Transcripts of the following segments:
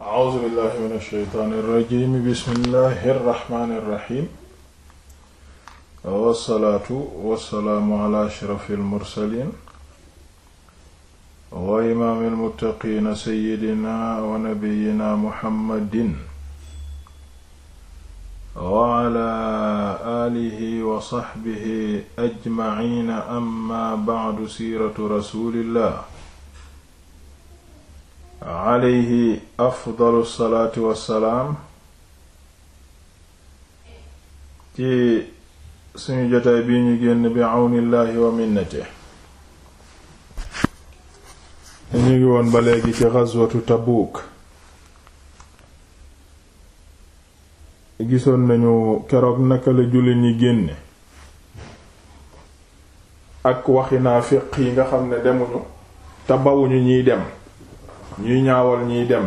a'uuzu billahi min ash-shaytaani irrajim bismillahi irrahmaani irrahim wassalaatu wassalaamu ala ashrafi almursalin wa imaami almuttaqiina sayyidina wa nabiyyina muhammadin wa ala aalihi wa saxbihi ajmaciina amma bacdu siiratu rasulillah alayhi afdalu salaatu wassalaam ci suñu jotaay bii ñu génn bi àwnillaahi wa minnate ñu ngi woon ba léegi ci ghazwatu Tabuuk gisoon nañu keroog naka la jullit ñi génne ak waxi fiq yi nga xam ne demuñu te bawuñu ñiy dem ñuy ñaawal ñiy dem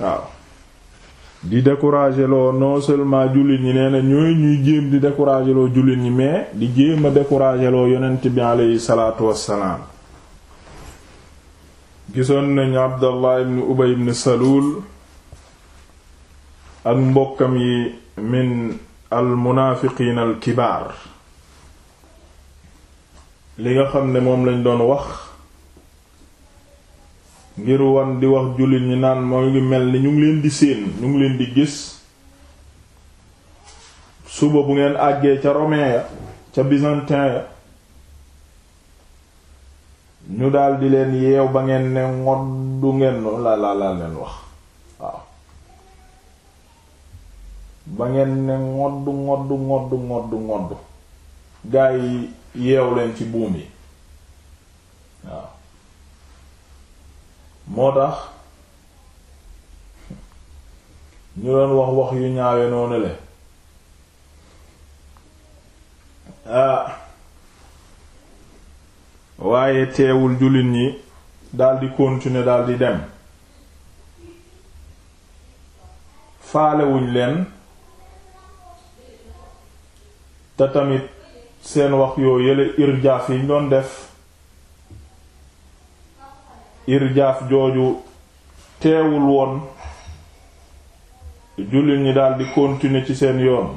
waaw di décourager loo non seulement jullit ñi nee na ñooy ñuy jéem di décourager loo jullit ñi mais di jéem a décourager loo yonent bi aleyhi salaatu wassalaam gisoon nañu Abdallah ibn Ubay ibn Salul ak mbokkam yi min al munaafiqiin al kibaar li nga xam ne moom lañ doon wax ngir wan di wax jullit ñi naan moo ngi mel ni ñu ngi leen di séen ñu ngi leen di gis suba bu ngeen àggee ca romain ya ca byzantin ya ñu daldi leen yeew ba ngeen ne ngoddu ngeen la la la leen ba ngeen ne ngoddu gaa yi yeew leen ci buum yi waaw moo tax ñu doon wax wax yu ñaawe noonu le waaye teewul jullit ñi daldi continuer daldi dem faalewuñ leen te tamit seen wax yoo yële irjaaf yi ñu doon def irjaaf jooju teewul woon jullit ñi daldi continuer ci seen yoon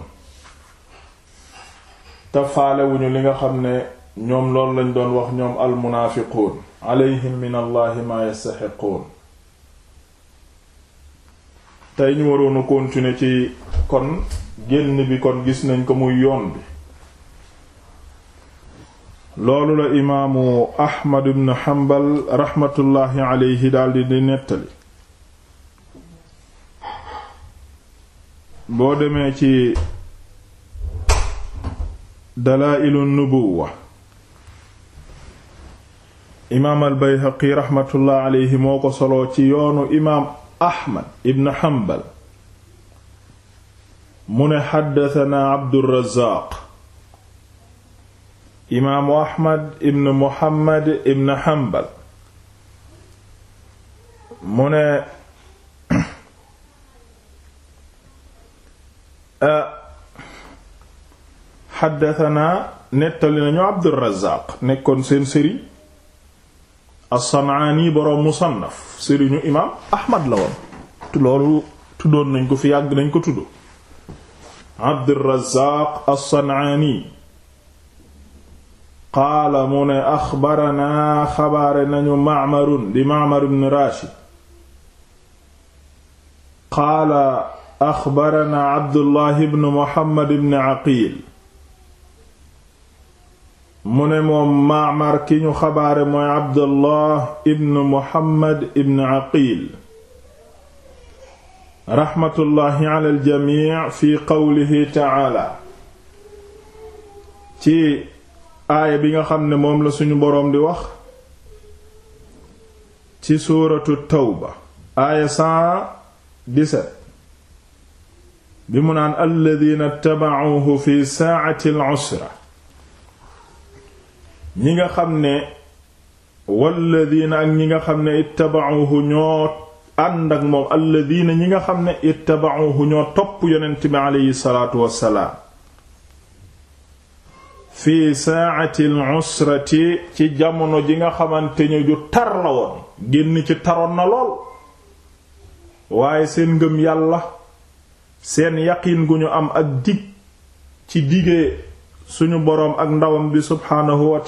te faalewuñu li nga xam ne ñoom loolu lañu doon wax ñoom almunaafiquun alayhim min allahi ma yastaxiquun tey ñu waroonu continuer ci kon génn bi kon gis nañ ko muy yoon bi loolu la imaamu ahmad ibn hanbal raxmatullaahi aleyhi daldi di nettali boo demee ci dalaa'ilu nubuwa imaam al bayhaqi raxmatullaahi moo ko soloo ci yoonu imaam ahmad ibn hanbal mu ne xaddatanaa abdurrazaaq imaamu ahmad ibn muhammad ibn hanbal mu ne xaddatanaa ah, nettali nañu abdurazaq nekkoon seen sëriñ assanaani boroom musannaf sëriñu imaam ahmad la woon loolu tuddoon nañ ko fi yàgg nañ ko tudd abdurazaq assanaani qaala mu ne axbaranaa xabaare nañu macmarun di macmar ibn rashid qaala axbaranaa abdullahi ibn muhammad ibn aqiil mu ne moom macmar ki ñu xabaare mooy abdullah ibn muhammad ibn aqiil raxmatullahi ala aljamic fi qawlihi tacaala ci aaya bi nga xam ne moom la suñu boroom di wax ci suuratu tawba aaya 117 bi mu naan alladina taba'uuhu fi saa'ati al-usra ñi nga xam ne walladina ak ñi nga xam ne ittaba'uuhu ñoo ànd ak moom alladina ñi nga xam ne ittaba'uuhu ñoo topp yonent bi aleyhi salaatu wassalaam fi saati al-usrati ci jamono ji nga xamante ne ju tar la woon génn ci taroon na lool waaye seen ngëm yàlla seen yaqiin gu ñu am ak dig ci digee suñu boroom ak ndawam bi subhaanahu wa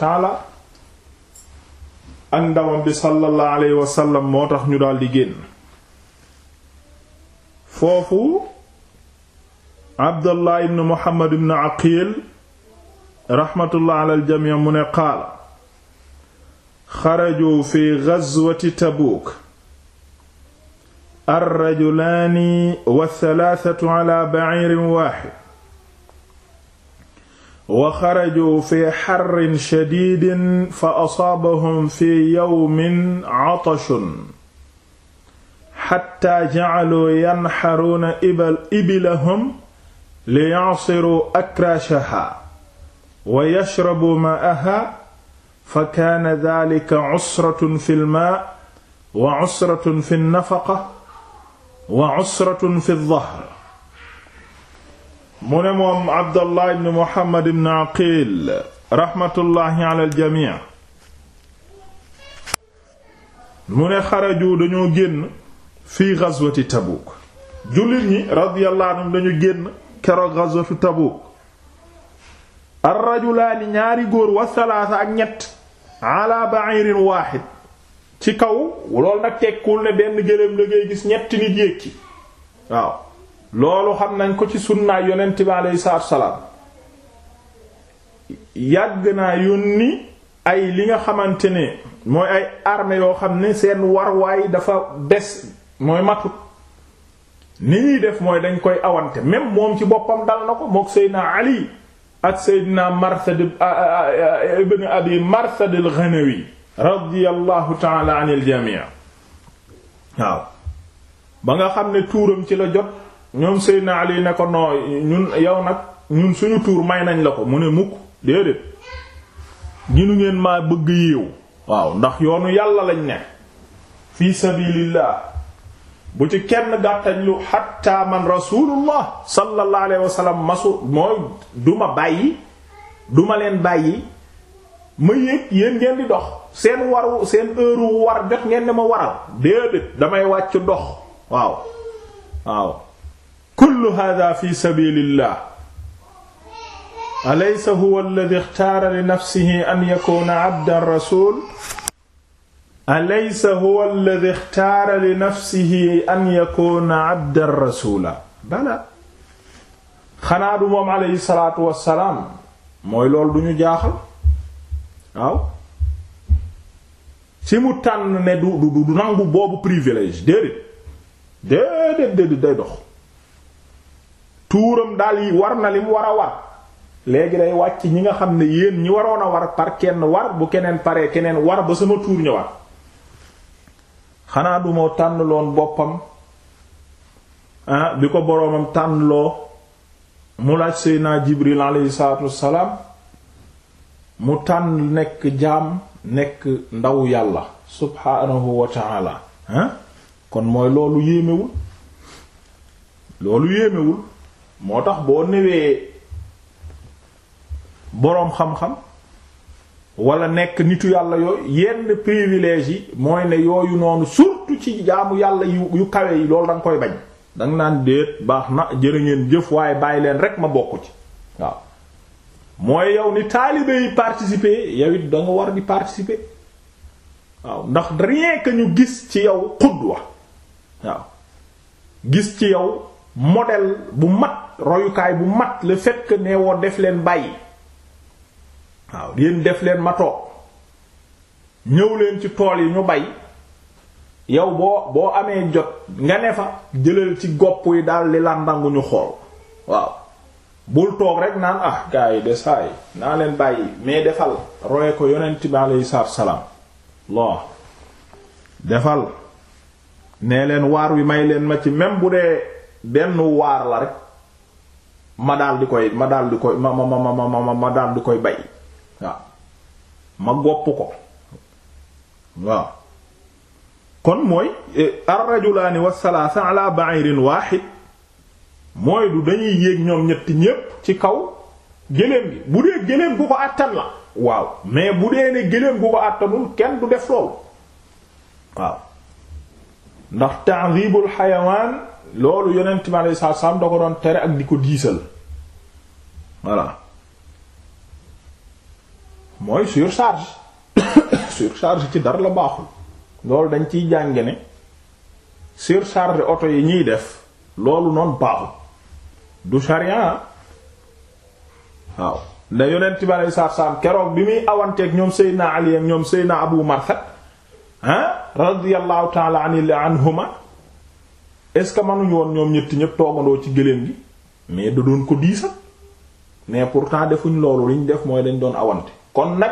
ak ndawam bi sallallahu alayhi moo tax ñu daldi génn foofu Abdullah ibn Muhammad ibn Aqil raxmatullah ala aljamii mu ne qaala xaraju fi gazwati tabuuk arrajulaani wathalathatu ala baciirin waaxid wa xaraju fi xarrin shadiidin fa asaabahum fi yawmin catashun xatta jacaluu yanxaruuna ibilahum liyacsiruu akraashahaa wa yashrabu ma'aha fa kaana dhalika usratun fi lmaa wa usratun fi nafaqa wa usratun fi dahr mu ne moom Abdallah ibn Muhammad ibn Aqil raxmatullaahi ala aljamii mu ne xaraju dañoo génn fii gazwati Tabuuk jullit ñi radiyallahu anhum dañu génn keroog gazwatu Tabuuk ar-rajulaani ñaari góor wa salaasa ak ñett ala ba'irin waahid ci kaw loolu nag tekkul ne benn gëléem la ngay gis ñetti nit yékki waaw loolu xam nañ ko ci sunnaay yonent bi alayhi salaatu salaam yàgg naa yónni ay li nga xamante ne mooy ay armée yoo xam ne seen warwaay dafa des mooy matut ni ñuy def mooy dañ koy awante même moom ci boppam dal na ko mook Seydina Ali ak Seydina Marsad ibn Abi Marsad al-Ghanawi radiyallahu ta'ala anil jami' waaw ba nga xam ne tuuram ci la jot ñoom Seydina Ali ne ko noo ñun yow nag ñun suñu tuur may nañ la ko mu ne mukk déedéet ginu ngeen maa bëgg yéew waaw ndax yoonu yàlla lañ ne fi sabilillah bu ci kenn gàttañ lu xatta man rasulullah sallallahu alayhi wa sallam masu mooy duma bàyyi duma leen bàyyi ma yéeg yéen ngeen di dox seen waru seen heure war jot ngeen di ma waral déedéet damay wàcc dox waaw waaw kullu hada fi sabilillah alaysa huwa alladhi ikhtara li nafsihi an yakuna abdan rasul alaysa huwa alladhi ixtaara li nafsihi an yakuna abdan rasula bala xanaa du moom alayhi salaatu mooy loolu du ñu jaaxal waaw si mu tànn ne du du du nangu boobu privilège déedéet déedéet déedéet day dox tuuram daal yi war na li mu war a war léegi day wàcc ñi nga xam ne yéen ñi waroon a war par kenn war bu keneen pare keneen war ba sama tuur ñëwaat xanaa du moo tànnloon boppam ah bi ko boroomam tànnloo mu laaj seydinaa Jibril aleyhi salaatu wassalaam mu tànn nekk jaam nekk ndaw yàlla subhaanahu wa taala ah kon mooy loolu yéemewul loolu yéemewul moo tax boo newee boroom xam-xam wala nekk nitu yàlla yooyu yenn privilège yi mooy ne yooyu noonu surtout ci jaamu yàlla yu yu kawe yi loolu da nga koy bañ da naan déet baax na jërë ngeen jëf waaye bàyyi leen rek ma bokk ci waaw mooy yow ni taalibe yi participer yow it da nga war di participer waaw ndax rien que ñu gis ci yow xudwa waaw gis ci yow model bu mat royukaay bu mat la fait que nee woo def leen bàyyi waaw yéen def leen ma toog ñëw leen ci tool yi ñu bay yow boo boo amee jot nga ne fa jëlal ci gopp yi daal li làndangu ñu xool waaw bul toog rek naan ah gars yi de saa naa leen bàyyi mais defal roye ko yonent bi aleyhi salaatu salaam loo defal nee leen waar wi may leen ma ci même bu dee benn waar la rek ma daal koy ma daldi di koy ma ma ma ma ma ma koy bay ma gopp ko waaw kon mooy eh, ar-rajulaani was-salaasa ala ba'irin waahid mooy du dañuy yéeg ñoom ñetti ñépp ci kaw géléem gi bu dee géléem gu ko àttan la waaw mais bu dee ne géléem gu ko àttanul kenn du def loolu waaw ndax ta'dhibul xayawaan loolu yonent mi alayhi salaatu salaam da ko doon tere ak di ko diisal voilà mooy surcharge surcharge ci dara la baaxul loolu dañ ciy jànge ne surcharge oto yi ñuy def loolu noonu baaxul du charian ah. waaw ne yonent bi alei keroog bi muy awanteek ñoom Seydina Ali ak ñoom Seydina Abu Marsad ah radiyallahu taala an anhuma est-ce que mënuñu woon ñoom ñetti ñëpp toogandoo ci gëléem gi mais da doon ko diisa mais pourtant defuñu loolu liñ def mooy dañ doon awante kon nag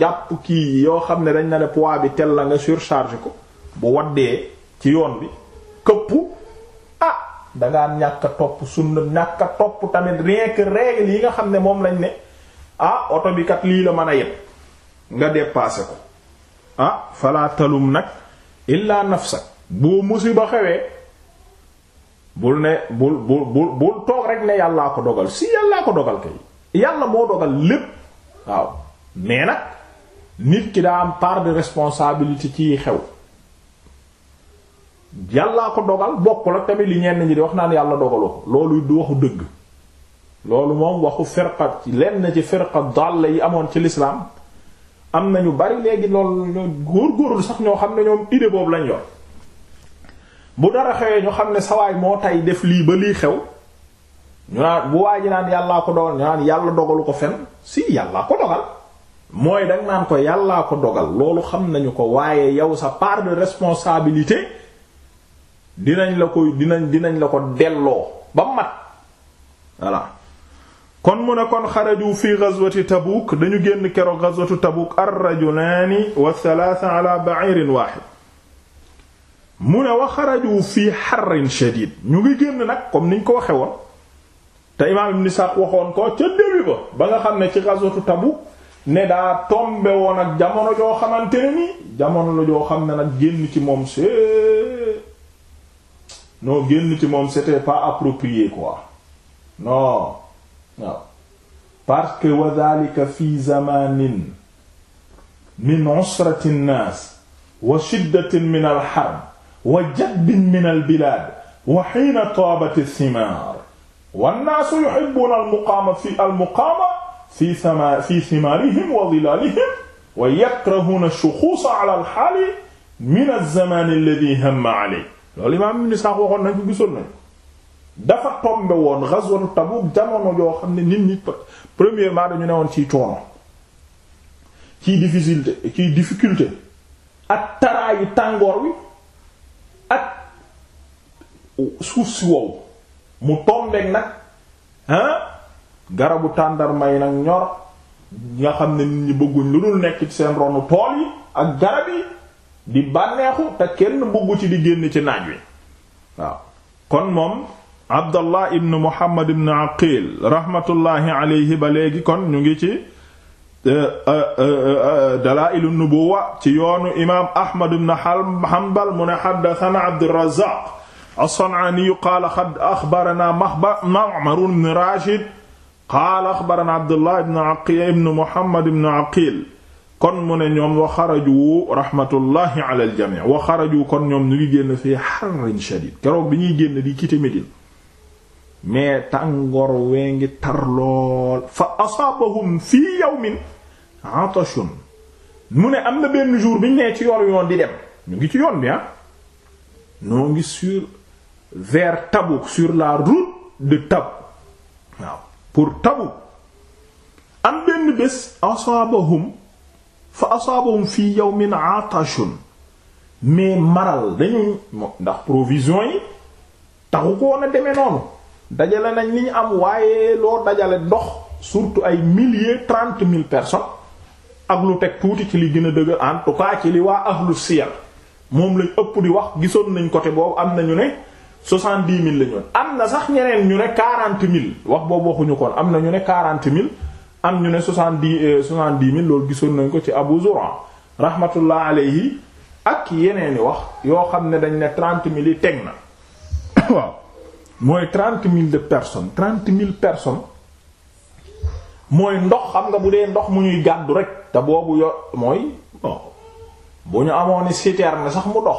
jàpp kii yoo xam ne dañ na ne poids bi tel la nga surcharge ko bu waddee ci yoon bi këpp ah dangaa ñàkk a topp sunna ñàkk topp tamit rien que yi nga xam ne moom lañ ne ah oto bi kat lii la mën a yem nga dépassé ko ah fala nag illa nafsak bu musiba xewee bul ne bul bul bul bul toog rek ne yàllaa ko dogal si yàllaa ko dogal kay yàlla moo dogal lépp waaw mais nag nit ki daa am part de responsabilité ci xew yàllaa ko dogal bokkul ak tamit li ñenn ñi di wax naan yàlla dogalu ko loolu du waxu dëgg loolu moom waxu firqa ci lenn ci firqa dàll yi amoon ci l'islam am na ñu bari léegi loolu góor-góorlu sax ñoo xam ne ñoom idée boobu lañ yor bu dara xewee ñu xam ne sawaay moo tay def lii ba lii xew ñu naan bu waa ji naan yàllaa ko dogal ñu naan yàlla dogalu ko fen si yàllaa ko dogal mooy danga naan ko yàllaa ko dogal loolu xam nañu ko waaye yow sa part de responsabilité dinañ la ko dinañ dinañ la ko delloo ba mat voilà kon mu ne kon xaraju fi ghazwati Tabuk dañu génn keroog ghazwatu Tabuk ar-rajulaani wa thalatha ala ba'irin waahid mu ne wa xaraju fi harrin shadid ñu ngi génn nag comme niñ ko waxe woon te imaam Ibn Sa'd waxoon ko ca début ba nga xam ne ci ghazwatu Tabuk ne daa tombe woon ak jamono joo xamante ne ni jamono la joo xam ne nag génn ci moom c'est non génn ci moom c'était pas approprié quoi non waaw parce que wa dhalika fi zamanin min usrati nnaas wa shiddatin min al harb wa jadbin min al bilaad wa hiina taabat ath-thimaar wan naasu yuhibbuuna al muqaama fi al muqaama fi sama fi simarihim wa dilalihim wa yakrahuna ash-shukhus ala al-hali min az-zaman alladhi hamma alayhi loolu imaam ibn Sa'd waxoon nañ ko gisoon nañ dafa tombe woon ghazwatu Tabuk jamono yoo xam ne nit ñi premièrement dañu ne woon ciy coono ciy difficulté ciy difficulté ak taraayu tàngoor wi ak suuf si wow mu tombeek nag ah garabu tàndarma yi nag ñor nga xam ne nit ñi bëgguñ lu dul nekk ci seen ronu tool ak garab yi di bànneexu te kenn bëggu ci di génn ci naaj wi kon moom abdallah ibn muhammad ibn aqil rahmatullahi alayhi ba léegi kon ñu ngi ci euh, euh, euh, dalaa'ilu nubuwa ci yoonu imaam ahmad ibn hanbal mu ne haddathana abdurrazzaq as-san'ani qaala xad axbarana mamar ibn rashid qaala axbarana abdullah ibn aqil ibn muhammad ibn aqil kon mu ne ñoom wa xaraju rahmatullahi ala aljami wa xaraju kon ñoom ñu ngi génn fii xarrin shadid keroog bi ñuy génn di quitter Médine mais tàngoor wee ngi tar lool fa asaabahum fii yawmin atashun mu ne am na benn jour bi ñu nee ci yoon yoon di dem ñu ngi ci yoon bi ah ñoo ngi sur vers Tabouk sur la route de Tabouk waaw pour tabu am benn bés asaabahum fa asaabahum fii yawmin atashun mais maral dañuy ndax provision yi taxu ko woon a demee noonu dajale nañ li am waaye loo dajale ndox surtout ay milliers trente mille personnes ak lu teg tuuti ci li gën a dëgër en tout ci li waa ahlu siyar moom lañ ëpp di wax gisoon nañ côté boobu am nañu ne soixante-dix mille la am na sax ñeneen ñu ne quarante mille wax boobu waxuñu koon am na ñu ne quarante mille am ñu ne soixante-dix euh, soixante-dix mil loolu gisoon nañ ko ci Abu Zur'a rahmatullah yi ak yeneeni wax yoo xam ne dañ ne trente mille yi teg na waaw mooy trente mille de personnes trente mille personnes mooy ndox xam nga bu dee ndox mu ñuy gàddu rek te boobu yo mooy bon bu ñu amoon citerne sax mu ndox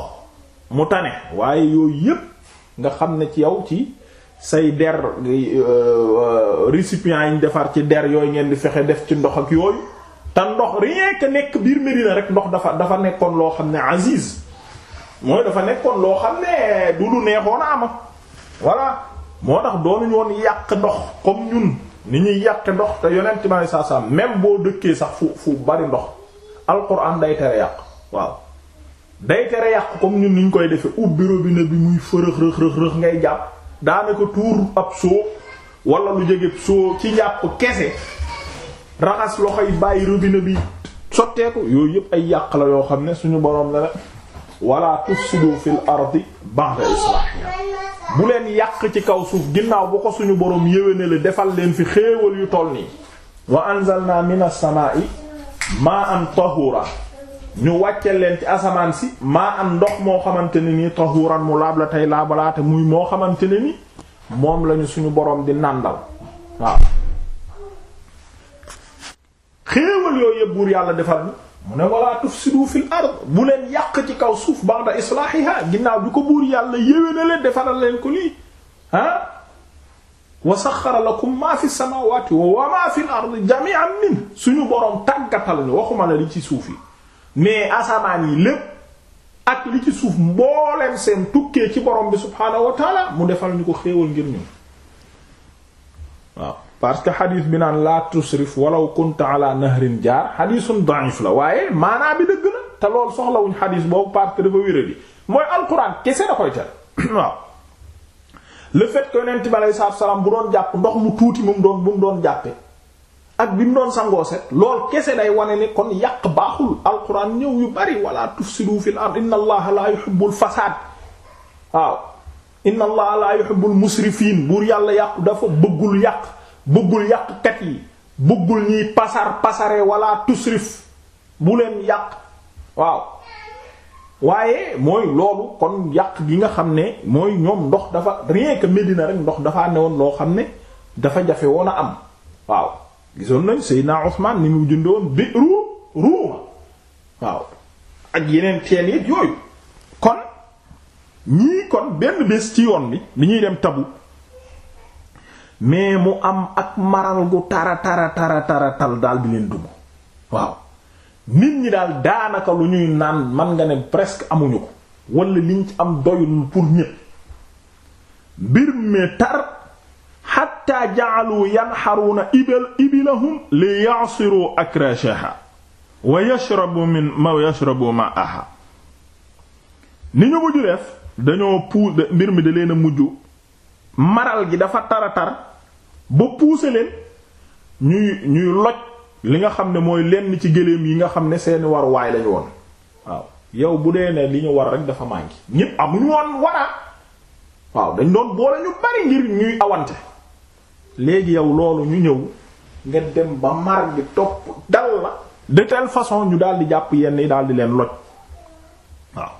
mu tane waaye yooyu yépp nga xam ne ci yow ci say der euh, récipients yi ñu defar ci der yooyu ngeen di fexe def ci ndox ak yooyu te ndox rien que nekk biir Medina rek ndox dafa dafa nekkoon loo xam ne aziz mooy dafa nekkoon loo xam ne du lu neexoon a ama voilà moo tax doonuñu woon yàq ndox comme ñun ni ñuy yàq ndox te yonent bi sallallahu alayhi wasallam même boo dëkkee sax fu fu bari ndox alquran day tere yàq waaw day tere yàq comme ñun niñ koy defee ubbi robinet bi muy fërëx rëx rëx rëx ngay jàpp daanaka tuur ab soo wala lu jege soo ci njàpp kese raxas loxo yi bàyyi robine bi sotteeku yooyu yëpp ay yàq la yoo xam ne suñu boroom la la wala tufsidu fil ardi ba'da islahiha bu leen yàq ci kaw suuf ginnaaw bu ko suñu boroom yéwénale defal leen fi xéewal yu toll nii wa anzalna minas samaa'i ma'an tahura ñu wàccee leen ci asamaan si maa am ndox moo xamante ni nii tahuran mu laab la tey laa balaate muy moo xamante ne ni moom lañu suñu boroom di nàndal waaw xéewal yooyu yëpp buur yàlla defal mu ne wala tufsidu fil ard bu leen yàq ci kaw suuf ba'da islahiha ginnaaw bi ko buur yàlla yéwé na leen defaral leen ko lii ah wa saxara lakum maa fi samawati wa maa fi l ard jami'an min suñu boroom tàggatal ni waxuma la li ci suuf yi mais asamaan yi lépp ak li ci suuf mbooleem seen tukkee ci borom bi subhaanahu wa mu defal ñu ko xéewal ngir ñun waaw parce que xadiis bi naan la tusrif walaw kunta ala nahrin jaar xadiisun da'if la waaye maanaa bi dëgg la te loolu soxlawuñ xadiis boobu parce que dafa wéradi mooy alquran kese da koy tere waaw le fait que yonent bi alayhi salaam bu doon jàpp ndox mu tuuti mu doon bu mu doon jàppee ak bi mu sangoo set lool kese day wane ne kon yàq baaxul alquran ñëw yu bari wala tufsidu fil ard inna allaha la yuhibbul fasaad waaw inna allaha la yuhibbul musrifin buur yàlla yàqu dafa bëggul yàq bëggul yàqkat yi bëggul ñiy pasar pasare wala tusrif bu leen yàq waaw waaye mooy loolu kon yàq gi nga xam ne mooy ñoom ndox dafa rien que Médina rek ndox dafaa newoon loo xam ne dafa jafe woon a am waaw gisoon nañ Seydina Ousmane ni mu jëndoon bi ruum ruuma waaw ak yeneen teel yit yooyu kon ñii kon benn bés ci yoon bi bi ñuy dem tabu mais mu am ak maral gu tara tara tara tara tal daal di leen dugg waaw nit ñi daal daanaka lu ñuy naan man nga ne presque amuñu ko wala liñ ci am doyul pour ñépp mbir mi tar xatta ja'alu yanxaruuna ibil ibilahum li ya'siru akrashaha wa yashrabu min ma yashrabu ma'aha ni ñu mujj def dañoo puus mbir mi da leen a mujj maral gi dafa tara tar ba puuse leen ñuy loj li nga xam ne mooy lenn ci gëléem yi nga xam ne seeni war waay lañu woon waaw yow bu dee ne li ñu war rek dafa mànki ñépp amuñu woon wara waaw dañ doon boole ñu bari ngir ñuy awante léegi yow loolu ñu ñëw nga dem ba mar gi topp dal la de telle façon ñu daal di jàpp yenn yi daal di leen loj waaw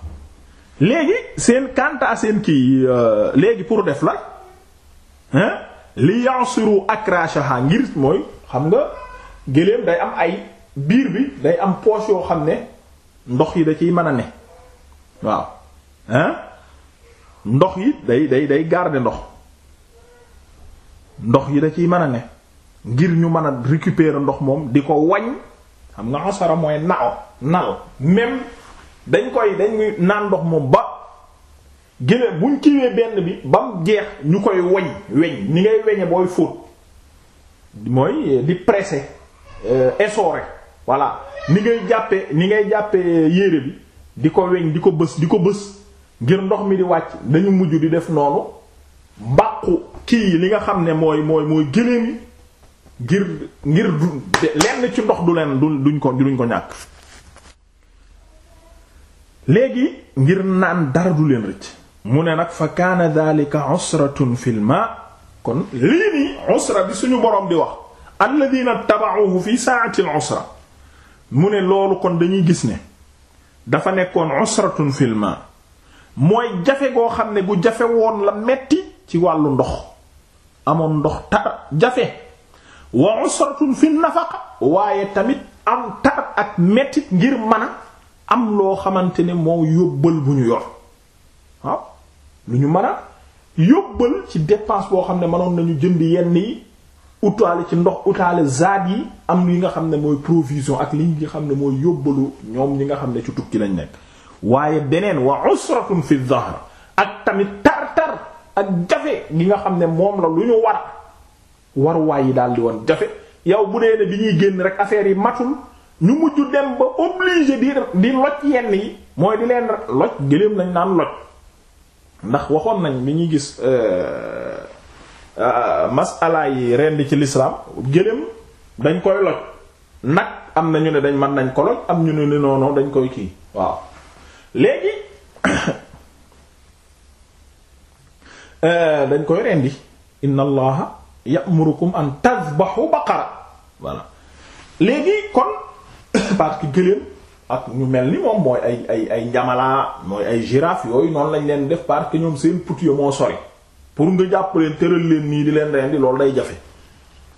léegi seen kanta seen kii euh, léegi pour def la hein li yansiru akrashaha ngir mooy xam nga géléem day am ay biir bi day am poche yoo xam ne ndox yi da ciy mën a ne waaw hein ndox yi day day day garder ndox ndox yi da ciy mën a ne ngir ñu mën a récupérer ndox moom di ko wañ xam nga asara mooy nao nal même dañ koy dañ naan ndox moom ba gëne buñ kiiwee benn bi ba mu jeex ñu koy weñ weñ ni ngay weñe booy fóot mooy eh, di presser eh, essoré voilà ni ngay jàppe ni ngay jàppe eh, yére bi di ko weñ di ko bës di ko bës ngir ndox mi di wàcc dañu mujj di def noonu mbàqu kii li nga xam ne mooy mooy mooy gëléem yi ngir ngir du lenn ci ndox du leen duñ ko duñ ko ñàkk léegi ngir naan dara du leen rëcc mu ne nag fa kaana dhalika usratun fil ma kon lii nii suñu borom di wax alladhina taba'uhu fi sa'ati al usra mu ne loolu kon dañuy gis ne dafa nekkoon usratun fil ma mooy jafe goo xam ne gu jafe woon la metti ci wàllu ndox amoon ndox tar jafe wa usratun fi nafaqa waaye tamit am tar ak mettit ngir mën a am loo xamante ne moo yóbbal bu ñu yor waaw lu ñu mën a yóbbal ci dépense boo xam ne mënoon nañu jënd yenn yi utaale ci ndox utaale zaad yi am yi nga xam ne mooy provision ak li nga xam ne mooy yóbbalu ñoom ñi nga xam ne ci tukki lañ nekk waaye beneen wa usratun fi dhahr ak tamit tar tar ak jafe gi nga xam ne moom la lu ñu war waruwaay yi daal di woon jafe yow bu dee ne bi ñuy génn rek affaire yi matul ñu mujj dem ba obligé di di loj yenn yi mooy di leen loj gëléem nañ naan loj ndax waxoon nañ bi ñu gis euh, euh, masala yi ren di ci lislaam gëléem dañ koy loj nag am na ñu ne dañ mën nañ ko loj am ñu ne ne non dañ koy kii waaw léegi Euh, dañ koy rendi inna allaha ya'murukum an tadhbahu baqara voilà léegi kon parce que gëléem ak ñu mel ni moom mooy ay ay ay njamalaa mooy ay girafe yooyu noonu lañ leen def parce que ñoom seen put yo moo sori pour nga jàpp leen tëral leen nii di leen rendi loolu day jafe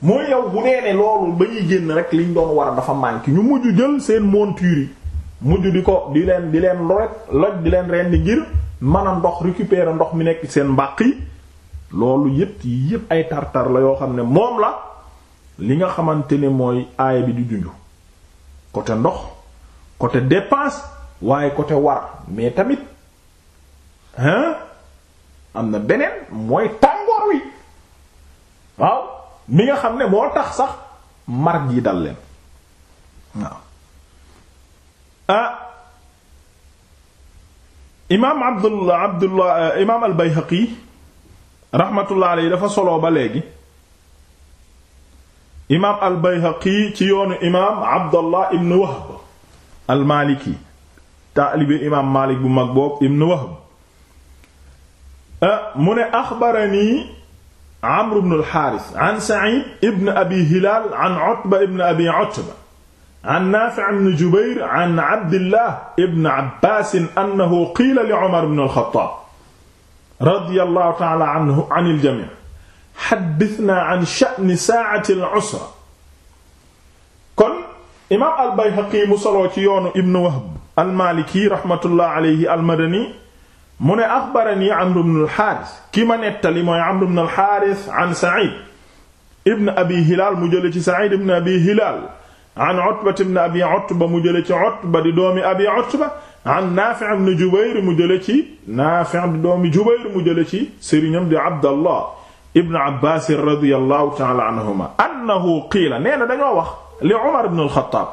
mooy yow bu nee ne loolu ba ñuy génn rek liñ doon war a dafa manqué ñu mujj jël seen monture yi mujj di ko di leen di leen loret loj di leen rendi ngir mën a ndox récupérer ndox mi nekk seen mbàq yi loolu yépp yi yépp ay tartar la yoo xam ne moom la li nga xamante ne mooy aaya bi di junju côté ndox côté dépense waaye côté war mais tamit hein am na beneen mooy tàngoor wi waaw mi nga xam ne moo tax sax mar gi dal leen waaw ah, imaam Abdullah Abdullah euh, imaam al-Bayhaqi rahmatullah alayhi dafa solo ba léegi imaam al-Bayhaqi ci yoonu imaam Abdullah ibn Wahb al-Maliki taalibe imaam Maalik bu mag boobu ibn Wahb euh, mu ne axbarani Amr ibn al-Haaris an Sa'iid ibn Abi Hilaal an Utba ibn Abi Utba an Naafi ibn Jubayr an Abdillah ibn Abbaas annahu qiila li Umar ibn al-Khattaab radiyallahu ta'aala anhu an al-jamii' haddithnaa an sha'ni saa'ati al-usra kon imaam al-Bayhaqi mu soloo ci yoonu Ibn Wahb al-Maaliki rahmatullahi alayhi al-Madani mu ne axbarani Amr ibn al-Haaris ki ma nettali mooy Amr ibn al-Haaris an Sa'iid ibn Abi Hilaal mu jële ci Sa'iid ibn Abi Hilaal an Utba ibn Abi Utba mu jële ci Utba di doomi Abi Utba an Naafi' ibn Jubayr mu jële ci Naafi' di doomi Jubayr mu jële ci sëriñam di Abdallah ibn Abbaas radiyallahu ta'ala anhuma annahu qiila nee na dañoo wax li Umar ibn al-Khattab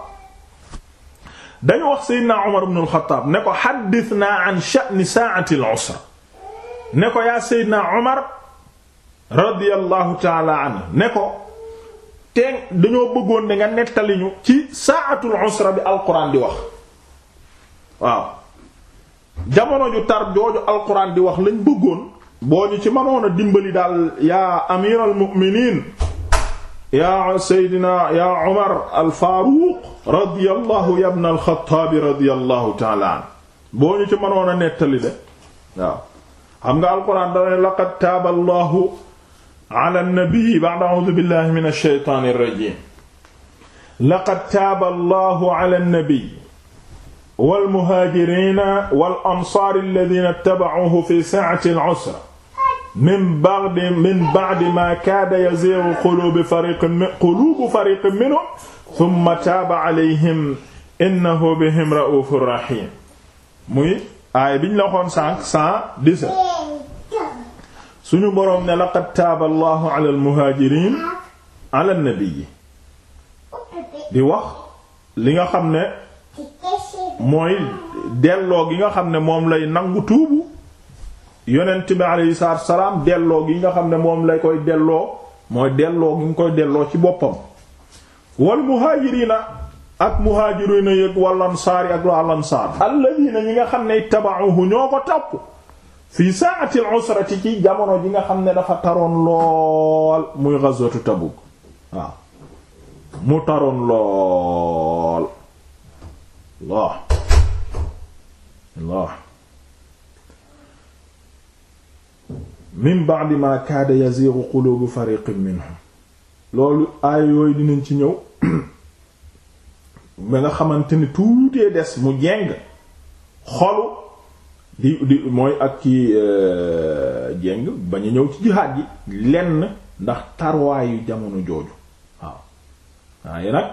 dañu wax Seydina Umar ibn al-Khattab ne ko haddithnaa an sha'ni saa'ati al-'usra ne ko yaa Seydina Umar radiyallahu ta'ala anhu ne ko te dañoo bëggoon ne nga ñu ci saatul usra bi alquran di wax waaw jamono ju tar jooju alquran di wax lañ bëggoon boo ñu ci mënoon a dimbali daal yaa amiral mu'minin yaa seydina yaa Umar al Faaruq radiyallahu ya ibn al radiyallahu ta'ala an boo ñu ci mënoon a nettali de waaw xam nga alquran dana laqad taaba Allahu ala nabii ba'da a'uudu billahi min ash-shaytaani ar-rajiim laqad taaba allahu ala nabii wal muhaajiriina wal ansaari allaziina ttaba'uuhu fi saa'ati al-'usra min ba'di min ba'di maa kaada yaziighu quluubu fariiqin quluubu fariiqin minhum thumma taaba 'alayhim innahu bihim ra'uufun rahiim muy aaya biñ la waxoon sànq 117 suñu boroom ne laqad taaba allahu ala almuhaajiriin ala nabi di wax li nga xam ne mooy delloo gi nga xam ne moom lay nangu tuubu yonent bi alayhi salaatu salaam delloo gi nga xam ne moom lay koy delloo mooy delloo gi nga koy delloo ci boppam wal muhaajiriina ak muhaajiriina yëg wal ansaari ak lu al ansaar alladhiina ñi nga xam ne ittaba'uhu ñoo ko topp fii saati al ci jamono ji nga xam ne dafa taroon lool muy ghazwatu Tabuk waaw mu taroon lool Allah Allah min ba'di ma kaada yazighu qulubu fariqin minhum loolu aay yooyu dinañ ci ñëw ba nga xamante ni tuutee des mu jeng xolu di di mooy ak ki jeng euh, ba ñu ñëw ci jihaad ji lenn ndax tarwaayu jamono jooju waaw waaye nag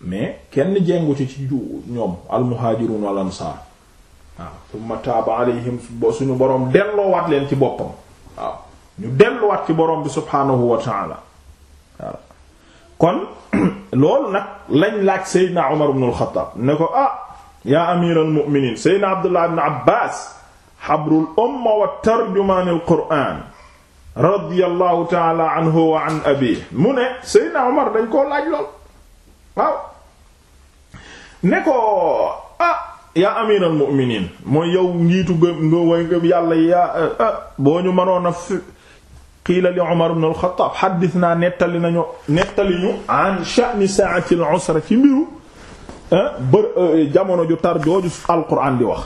mais kenn jengu ci ci ñoom almuhajirun wal waaw summa taaba alayhim suñu boroom delloowaat leen ci boppam waaw ñu delluwaat ci boroom bi subhaanahu wa waaw kon loolu nag lañ laaj seydna umar ibn al ne ko ah yaa amiral mu'minin seydna abdullah ibn abbas xabrul umma wa tarjumaanil qur'aan radiyallahu taala anhu wa an abi mu ne Seydina Omar dañ koo laaj lool waaw ne ko ah yaa amiral mu'miniin mooy yow njiitu gëm nga way ngëm yàlla yaa ah boo ñu mënoon a fi qiila li Umar ibn al-Khattab haddithnaa nettali nañu nettali ñu an sha'ni saa'atil usra ci mbiru ah, bër eh, jamono ju tar jooju alquran di wax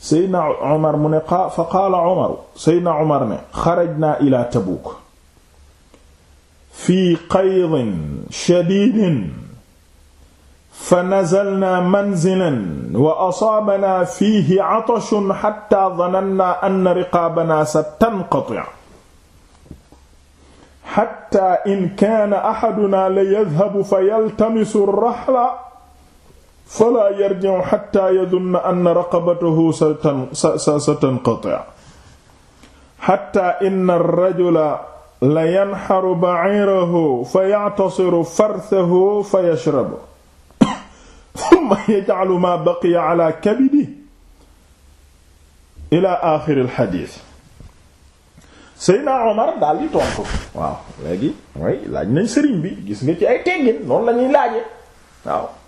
seydna omar mu ne fa qaala omaru seydna omar ne xarajna ila tabuuk fi qaydin shadidin fa nazalna manzilan wa asaabana fiihi atashun xatta dananna anna riqaabana satanqati xatta in kaana axaduna la yadhabu fa yaltamisu raxla fala yarji'u hatta yadhunna anna raqabatahu satanqati' hatta inna ar-rajula la yanharu ba'irahu faya'tasiru farthahu fayashrabu thumma yaj'alu ma baqiya 'ala kabidihi ila aaxiri al-hadiis Seydina Omar daal di tontu waaw léegi mooy laaj nañ sëriñ bi gis nga ci ay teggin noonu lañuy laaje waaw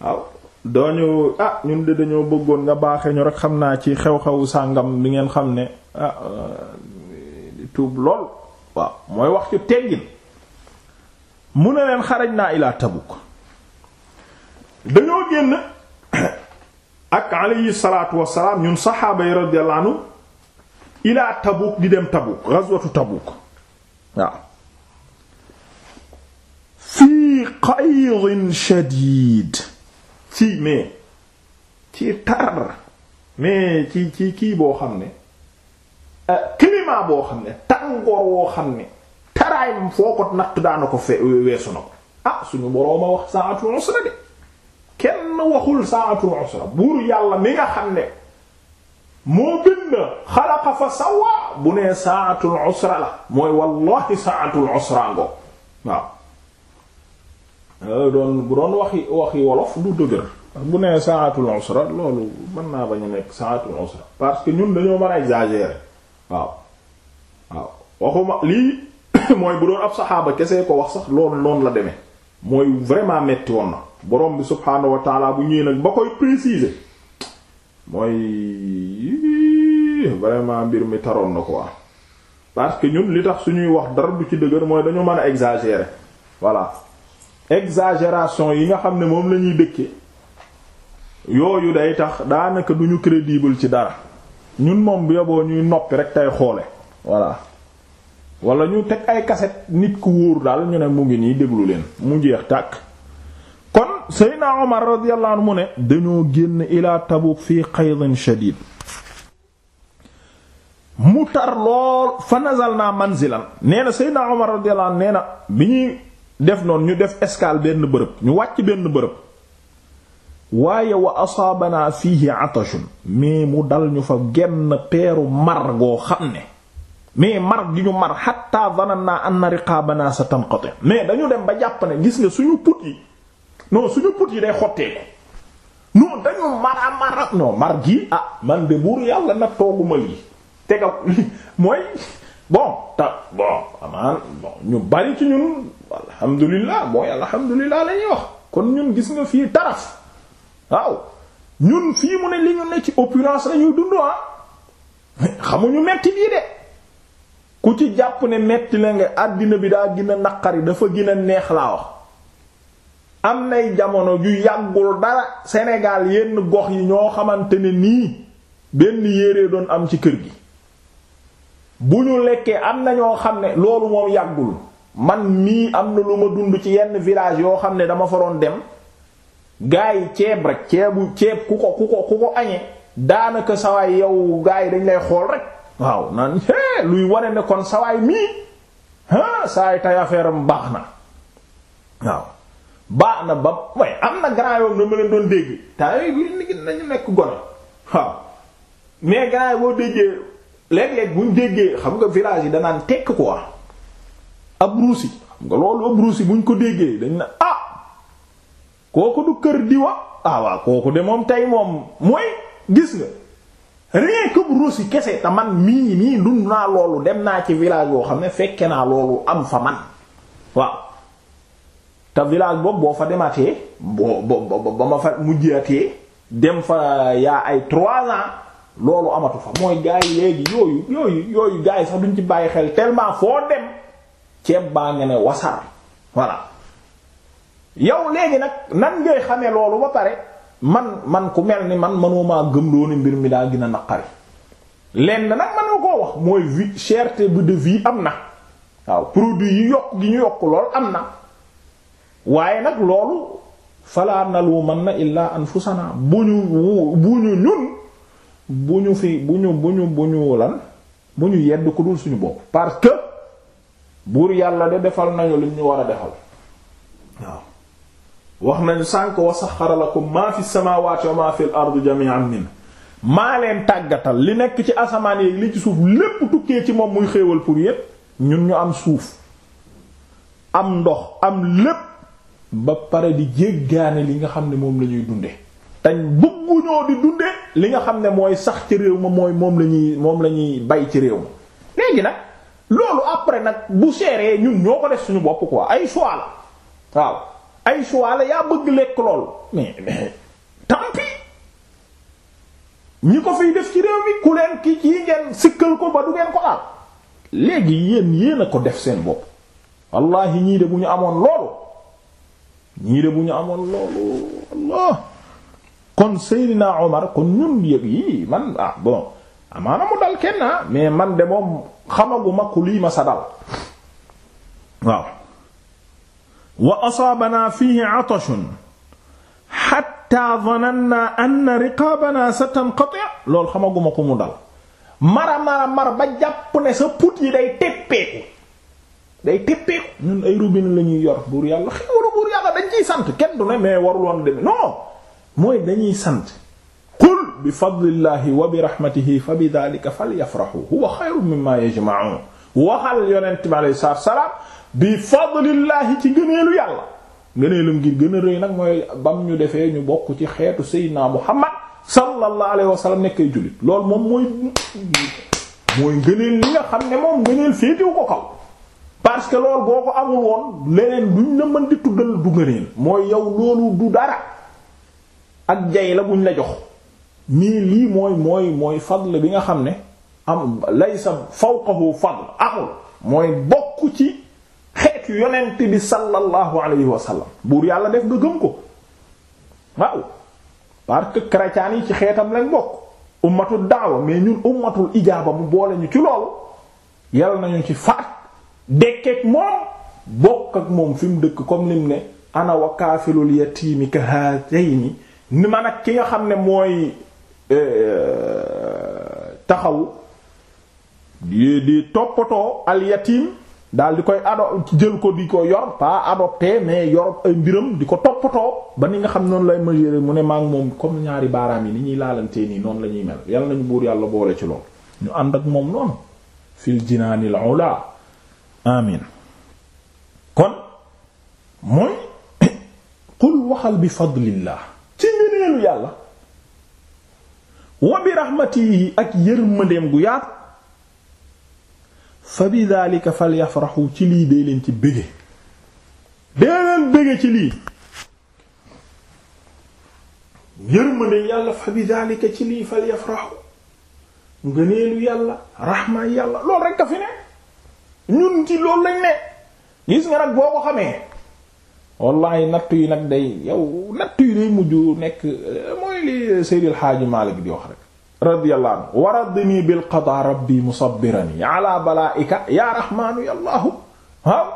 waaw dooñu ah ñun de dañoo bëggoon nga baaxee ñu rek xam naa ci xew-xewu sàngam bi ngeen xam ne ah tuub lool waaw mooy wax ci teggin mu ne leen xaraj naa ilaa Tabuk dañoo génn ak alayhi salaatu wassalaam ñun saxaaba yi radiyallahu ilaa Tabuk di dem Tabuk ghazwatu Tabuk waaw fii qaydin shadiid ci mais ci tar mais ci ci kii boo xam ne euh, climat boo xam ne tàngoor woo xam ne taraayam foo ko natt daana fe weesu na ko ah suñu borooma wax sa'atul usra de kenn waxul sa'atul usra buur yàlla mi nga xam ne moo bind xalaqa fa sawaa bu nee sa'atul usra la mooy wallahi sa'atul usra ngoo Euh, doon bu doon waxi waxi wolof du dëgër bu nee saatul usra loolu mën naa bañ a nekk saatul usra parce que ñun dañoo mën a exagérer waaw waaw waxuma lii mooy bu doon kese ko wax sax loolu la demee mooy vraiment metti woon na borom bi subhaanahu wa bu ñëwee nag ba koy préciser mooy vraiment mbir mi taroon na quoi parce que ñun li tax su ñuy wax dara du ci dëgër mooy dañoo mën a exagérer voilà exagération yi nga xam ne moom lañuy ñuy dëkke yooyu day tax daanaka du ñu crédible ci dara ñun moom yoboo ñuy noppi rek tey xoole voilà wala ñu teg ay cassette nit ku wóor daal ñu ne mu ngi nii déglu leen mu jeex tàkk kon Seydina Omar radiyallahu anhu mu ne dañoo génn ilaa Tabuk fii qaydin shadid mu tar lool fa nazal naa manzilan nee na Seydina Omar radiyallahu nee na bi ñuy def noonu ñu def escale benn bërëb ñu wàcc benn bërëb waaye wa asaabanaa fiihi atashun mais mu dal ñu fa genn peeru mar goo xam ne mais mar gi ñu mar xatta zananna anna riqaabana sa tanqati mais dañu dem ba jàpp ne gis nga suñu put yi non suñu put yi day xotteeku non dañu mara mara non mar gi ah man de buur yàlla na tooguma lii tega mooy bon ta bon amaan bon ñu bari ci ñun alhamdulilah mooy alhamdulilah la ñuy wax kon ñun gis nga fii taraf waaw ñun fii mu ne li ñu ne ci opulence la dund ah xamuñu metti bii de ku ci jàpp ne metti la nga àddina bi daa gën a naqari dafa gën neex laa wax am nay jamono ju yàggul dara senegaal yenn gox yi ñoo xamante ne nii benn yére doon am ci kër gi bu ñu lekkee am na ñoo xam ne loolu moom yàggul man mii am na lu ma dund ci yenn village yoo xam ne dama fa doon dem gaa yi ceeb rek ceebu ceeb ku ko ku ko ku ko añee daanaka sawaay yow gaa yi dañ lay xool rek waaw naan luy wane ne kon sawaay mii ah saay tay baax na waaw baax na ba way am na grand yoon na ma leen doon dégg tay yi nañu nekk gone waaw mais grand yi boo déggee léeg-léeg buñ déggee xam nga village yi danaan tekk quoi. ab ruusi xam nga loolu ab ruusi buñ ko déggee dañ na ah kooku du kër di wa ah, waaw kooku de moom tey moom mooy gis nga rien que ruusi kese te man mii mii dund naa loolu dem naa ci village woo xam ne fekke naa loolu am fa man waaw te village boobu boo fa dematee boo ba ba ma fa mujjatee dem fa yaa ay trois ans loolu amatu fa mooy gars yi léegi yooyu yooyu yooyu gars yi sax duñ ci bàyyi xel tellement foo dem. ceeb baa nga ne wasar voilà yow léegi nag nan ngay xamee loolu ba pare man man ku mel ni man manuma gëm loo ni mbir mi daal gën a naqari lenn nag man nga koo wax mooy vie cherté bu de vie am na waaw produit yi yokk gi ñu yokk lool am na waaye nag loolu falaa na illaa anfusanaa bu ñu bu ñu ñun bu ñu fi bu ñu bu ñu bu ñu lan bu ñu yedd ku dul suñu bopp parce que buur yàlla de defal nañu lim ñu war a defal waaw wax nañu sànk wa saxxara lakum maa fi samaawaati wa maa fi al-ardi jamii'an min maa leen tàggatal li nekk ci asamaan yi li ci suuf lépp tukkee ci moom muy xéewal pour yépp ñun ñu am suuf am ndox am lépp ba pare di jéggaane li nga xam ne moom la ñuy dunde tañ bëgguñoo di dunde li nga xam ne mooy sax ci réew ma mooy moom la ñuy moom lañuy ñuy bay ci réew ma léegi nag loolu après nag bu seeree ñun ñoo ko def suñu bopp ko ay choix waaw ay choix yaa bëgg lekk lool mais mais tant ñi ko fiy def ci réew mi ku leen ki ci ngeen sikkal ko ba du ngeen ko laal léegi yéen yéen a ko def seen bopp wallahi ñii de bu ñu amoon loolu ñii de bu ñu amoon loolu allah kon Seydina Omar kon ñun yëg yi man ah bon amaana mu dal kenn ah mais man de moom xamaguma ku lii ma sa dal waaw wa asaabanaa fiihi atashun xatta dhananna anna riqaabana satanqati' loolu xamaguma ku mu dal mara mara ba jàpp ne sa put yi day teppeeku day teppeeku ñun ay robinet la ñuy yor buur yàlla xéwalu buur yàlla dañ ciy sant kenn du ne mais warul woon demee non mooy dañuy sant bi fadlillahi wa bi rahmatihi fa bi dhalika falyafrahu huwa xayrun mimma yajma'un waxal yonent bi alayhi salaam bi fadlillahi ci gëneelu yàlla gëneelam ngir gën a rëy nag mooy bam ñu defee ñu bokk ci xeetu Seydina Muhammad sallallahu alayhi wa sallam nekkay jullit lool moom mooy mooy ngëneel li nga xam ne moom ngëneel féetewu ko kaw parce que lool boo ko amul woon leneen duñ la mën di tuddal du ngëneel mooy yow loolu du dara ak jay la buñ la jox mais lii mooy mooy mooy fadl bi nga xam ne am laysa fawqahu fadl amul mooy bokk ci xeetu yonent bi sallallahu alayhi wa sallam buur yàlla def nga gëm ko waaw parce que yi ci xeetam lañ bokk ummatul daawa mais ñun ummatul ijaaba mu boole ñu ci loolu yàlla nañu ci faat dekkeek moom bokk ak moom fi mu dëkk comme nim ne ana kaafilul yatiimi ka haatayni man ak ki nga xam ne mooy Eh, eh, taxaw di di toppatoo al yatim daal di koy ado jël ko di ko yor pas adopté mais yor ay mbiram di ko toppatoo ba ni nga xam noonu lay ma mesurer mu ne maa ngi moom comme ñaari baaraam yi ni ñuy laalantee nii noonu la ñuy mel yal nañu buur yàlla boole ci lool ñu ànd ak moom noonu fil jinaanil ula amin kon mooy qul waxal bi fadlillah ci ngëneelu yàlla wa bi raxmatihi ak yërmandeem gu yaatu fa bi daalika falyafraxu ci lii dee leen ci bëgge dee leen bëgge ci lii yërmandeem yàlla fa bi daalika ci lii falyafraxu ngëneelu yàlla raxmaa yàlla loolu rekk a fi ne ñun ci loolu lañ ne gis nga nag boo ko xamee wallahi nattu yi nag day yow nattu yi day mujj nekk eh, li Seydil Xaaji Maalik di wax rek radiyallahu anhu waradni bil qadaa rabbi musabbirani ala balaa'ika ya rahmaanu ya allahu waaw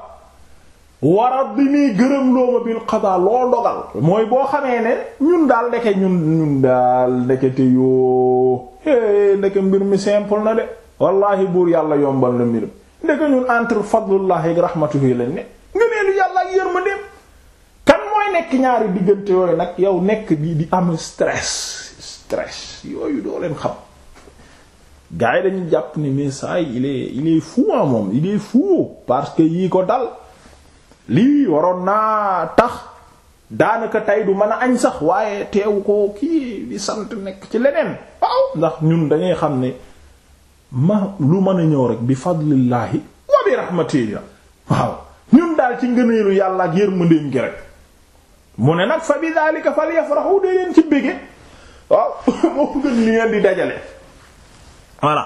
waradni gërëm looma bil qadaa loo dogal mooy boo xamee ne ñun daal ndeke ñun ñun daal ndeke te yoo é ndeke mbir mi simple na de wallahi buur yàlla yombal na mbir ndeke ñun entre fadlullahi ak rahmatuhi lañ ne nga neelu yàlla ak yërmandeem nekk ñaari diggante yooyu nag yow nekk bii di am stress stress yooyu doo leen xam gars yi dañu jàpp ni mais ça il est il est moom il est fou parce que yii ko dal lii waroon naa tax daanaka tey du mën a añ sax waaye teewu ko kii di sant nekk ci leneen waaw ndax ñun dañuy xam ne ma lu mën a ñëw rek bi fadlillahi wa bi rahmatillah waaw ñun daal ci ngëneelu yàlla ak yërmandeem gi rek mu ne nag fa bi daalika fal yafraxu dee leen ci bége waaw moo gën li ngeen di dajale voilà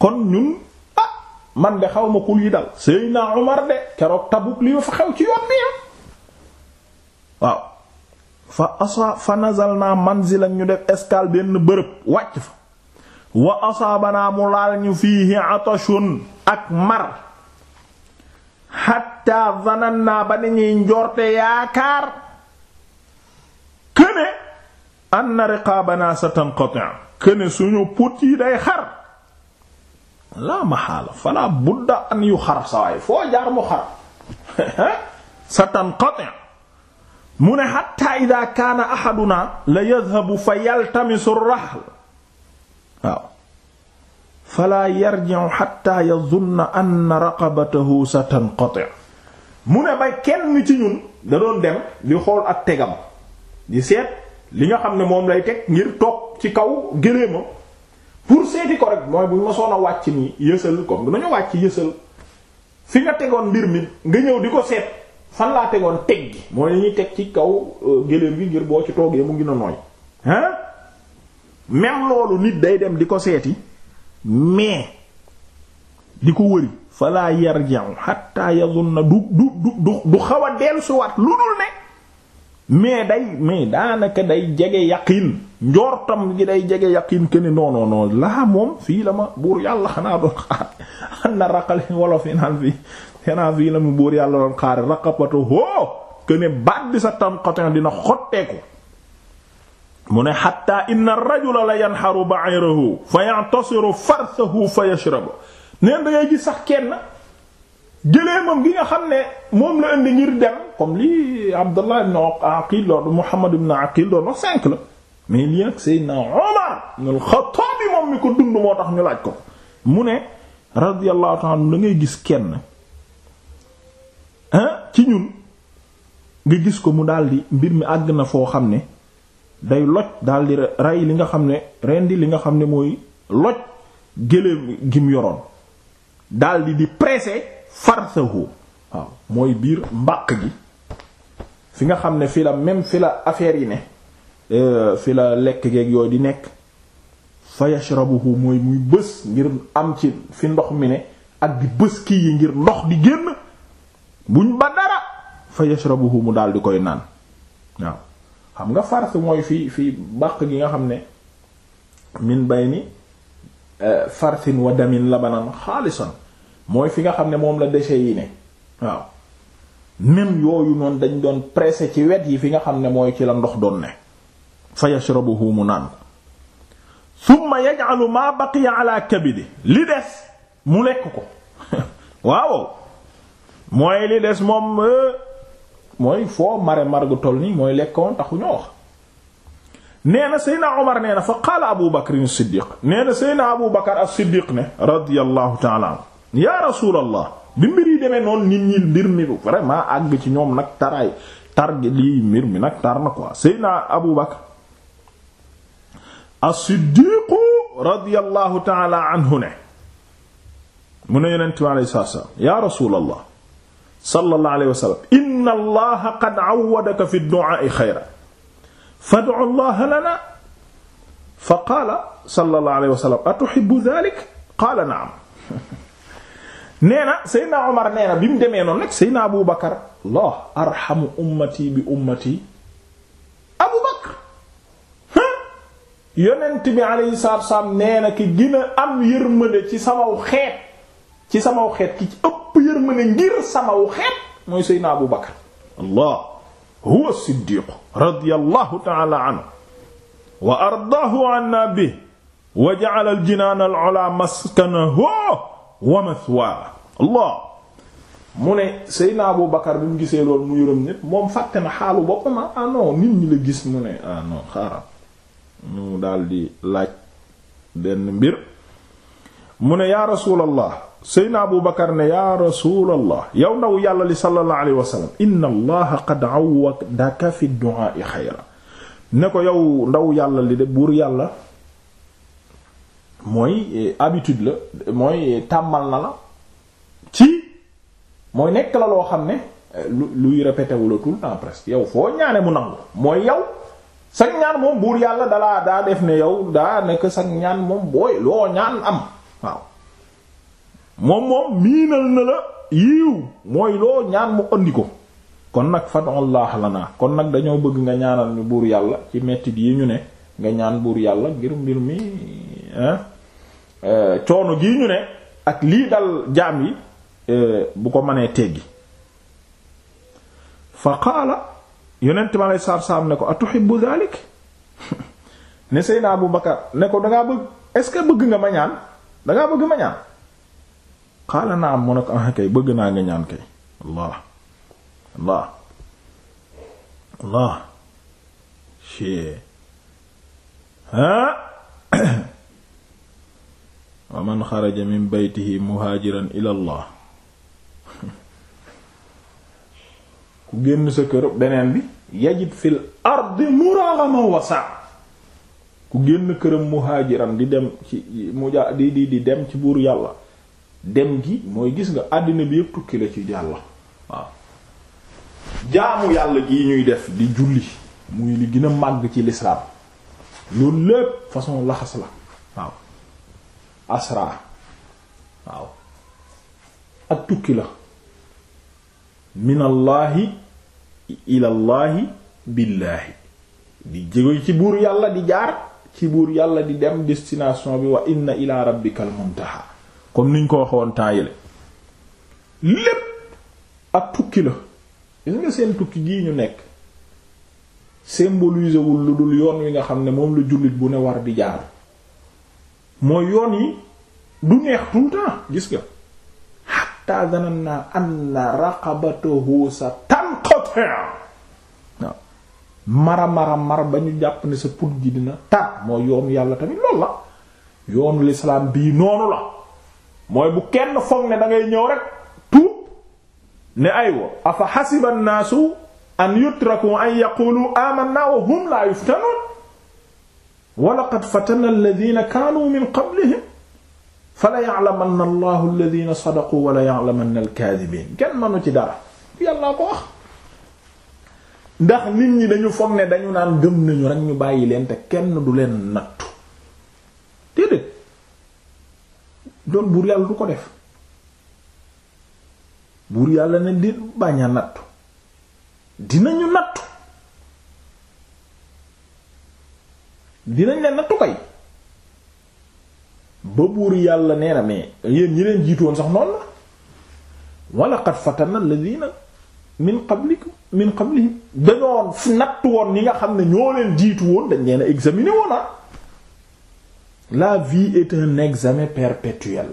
kon ñun ah man de xaw ma ku lii dal Seydina Umar de keroog Tabuk li fa xew ci yoon bi ah. waaw fa asa fa ñu def escale benn bërëb wàcc fa wa asaabana mu laal ñu fiihi atashun ak mar hatta zananna ba ni ñuy njorte yaakaar këne anna riqaabana satanqati' këne suñu put yi day xar laa maxaala falaa budda an yu xar sawaay foo jaar mu xar satanqati' mu ne hatta idha kaana ahaduna la yadhabu fa yaltamisu ar-rahl waaw falaa yarji'u hatta yadhunna anna raqabatahu satanqati' mu ne ba kenn ci ñun da doon dem di xool ak tegam di seet li nga xam ne moom lay teg ngir toog ci kaw géléemam pour seeti ko rek mooy bu ma soon a wàcc nii yësal comme dinañu wàcc yësal fi nga tegoon mbir mi nga ñëw di ko seet fan laa tegoon teg gi mooy li ñuy teg ci kaw euh, géléem gi ngir boo ci toogee mu ngi a nooy hein même loolu nit day dem di ko seeti mais di ko wëri falaa yarja'u hatta yadhunna du du du du xaw a dellusiwaat lu dul ne mais day mais daanaka day jege yaqin njortam gi day jege yaqin que ne non non non laa moom fii la ma buur yàlla xanaa doon xaar an na raqale wolof fi naan fii xanaa fii la mu buur yàlla doon xaar raqabatu hoo que ne baat bi sa tanqatin dina xotteeku. mu ne xatta inna rajula la yanxaru ba'irahu fa ya'tasiru farsahu fa yashrabu neen da ngay sax kenn. géléemam gi nga xam ne moom la indi ngir dem comme lii Abdallah ibn Aqil loolu Muhammad ibn Aqil doon wax cinq la mais lii ak Seydina Omar ibn al-Khattab moom mi ko dund moo tax ñu laaj ko mu ne radiyallahu ta'ala anhu gis kenn ci ñun nga gis ko mu daldi mbir mi àgg na foo xam ne day loj daldi rey li nga xam ne rendi li nga xam ne mooy loj géléem gi mu yoroon daldi di pressé farsahu waaw mooy biir mbàq gi fi nga xam ne fi la même fi la affaire yi ne euh, fi la lekk geeg yooyu di nekk fa yashrabuhu mooy muy bës ngir am ci fi ndox mi ne ak di bës kii yi ngir ndox di génn buñ ba dara fa yashrabuhu mu daal di koy naan waaw xam nga fars mooy fii fii mbaq gi nga xam ne min bayni euh, farsin wa damin labanan xaalisan mooy fi nga xam ne moom la déchets yi ne waaw même yooyu noonu dañ doon pressé ci wet yi fi nga xam ne mooy ci la ndox doon ne fa yashrabuhu mu naan ko summa yaj'alu ma baqiya ala kabidi li des mu lekk ko waaw mooy li des moom euh, mooy foo mare margu toll nii mooy lekkoon taxu ñoo wax nee na seydna omar nee na fa qaala abu bakr siddiq ne radiyallahu ta'ala yaa rasulallah bi mbir yi demee noonu nit ñi mbir mi vraiment àgg ci ñoom nag taraay tar gi lii mbir mi nag tar na quoi Seydina Abu Bakr as-Siddiq radiyallahu taala anhu ne mu ne yonent bi alayhi salaatu salaam yaa rasulallah sallallahu alayhi wa sallam inna allaha qad awwadaka fi du'aa'i xayra fad'u allaha lana fa qaala sallallahu alayhi wa sallam atuhibbu dhaalika qaala na'am nee na Seydina Omar nee na bi mu demee noonu nag Seydina Abu Bakar Allah arhamu ummati bi ummati Abu Bakar yonent bi alayhi salaatu wassalaam nee na ki gën a am yërmande ci samaw xeet ci samaw xeet ki ci ëpp yërmande ngir samaw xeet mooy Seydina Abu Bakar Allah huwa siddiiqu radiyallahu ta'ala anhu wa ardaahu anna bihi wa ja'ala al-jinaan al-'ulaa maskanahu wa mathwa Allah mu ne Seydina Abu Bakar bi mu gisee loolu mu yërëm ñépp moom fàtte na xaalu boppam a ah, ah, non nit ñi la gis mu ne ah non xaaral ñu daldi laaj benn mbir mu ne yaa rasulallah Seydina Abu Bakar ne yaa rasulallah yow ndaw yàlla li sallallahu alayhi wa sallam inna allaha qad awwadaka fi du'a'i ne ko yow ndaw yàlla li de buur yàlla mooy eh, habitude la mooy eh, tàmmal na la ci mooy nekk la loo xam ne eh, lu luy répété wala tout presque yow foo ñaane mu nangu mooy yow sag ñaan moom buur yàlla dalaa daa def ne yow daa nekk sag ñaan moom booy loo ñaan am waaw moom moom miinal na la yiiw mooy loo ñaan mu andi ko kon nag fad'ullah lana kon nag dañoo bëgg nga ñaanal ñu buur yàlla ci mettit yi ñu ne nga ñaan buur yàlla ngir mbir mi hein Euh, coono gii ñu ne ak lii dal jaam yi euh, bu ko mënee teggi fa qaala yonent ma lay saar saam ne ko atuhibbu dhalik ne Seydina Abu Bakar ne ko dangaa bëgg est bëgg nga ma ñaan dangaa bëgg ma ñaan qaala naam mu ne ko ah kay bëgg naa nga ñaan kay allah allah allah haa wa man xaraja min beytihi muhaajiran ku génn sa kër beneen bi yajid fil ardi muraghama wasa ku génn këram muhaajiran di dem ci muja di di dem ci buur yàlla dem gi mooy gis nga àddina bi yëpp tukki la ci yàlla waaw jaamu yàlla gi ñuy def di julli muy li gën a màgg ci lislaam loolu lépp façon laxas la waaw asra waaw ak tukki la minallaahi ilallaahi billaahi di jégoy ci buur yàlla di jaar ci buur yàlla di dem destination bi wa inna ilaa rabbikal muntaha kon niñ ko waxoon taayile lépp ak tukki la gis nga seen tukki gii ñu nekk symbolisewul lu dul yoon wi nga xam ne moom la jullit bu ne war di jaar mooy yoon yi du neex tout gis nga hatta zananna anna raqabatuhu sa tanqata waaw mara mara mar ba ñu jàpp ne sa put gi dina tar mooy yoonu yàlla tamit loolu la yoonu lislaam bii noonu la mooy bu kenn foog ne dangay ñëw rekk tuub ne aywa afa hasiba an-naasu an yutraku an yaqulu amanna wa hum la yuftanun walaqad fatana alladina kaanu min qablihim fala ya'lamanna allahu alladina sadaqu wala ya'lamanna alkaadibiin kenn mënu ci dara yàllaa ko wax ndax nit ñi dañu foog ne dañu naan gëm nañu rek ñu bàyyi leen te kenn du leen nattu déedéet doon buur yàlla du ko def buur yàlla ne di bañ a nattu dinañu nattu dinañ leen nattu kay ba buur yàlla nee na mais yéen ñi leen jiitoon sax noonu la wala qad fatana alladhina min qablikum min qablihim dañoon fi woon ñi nga xam ne ñoo leen jiitu woon dañ leen a examiner woon ah examen perpétuel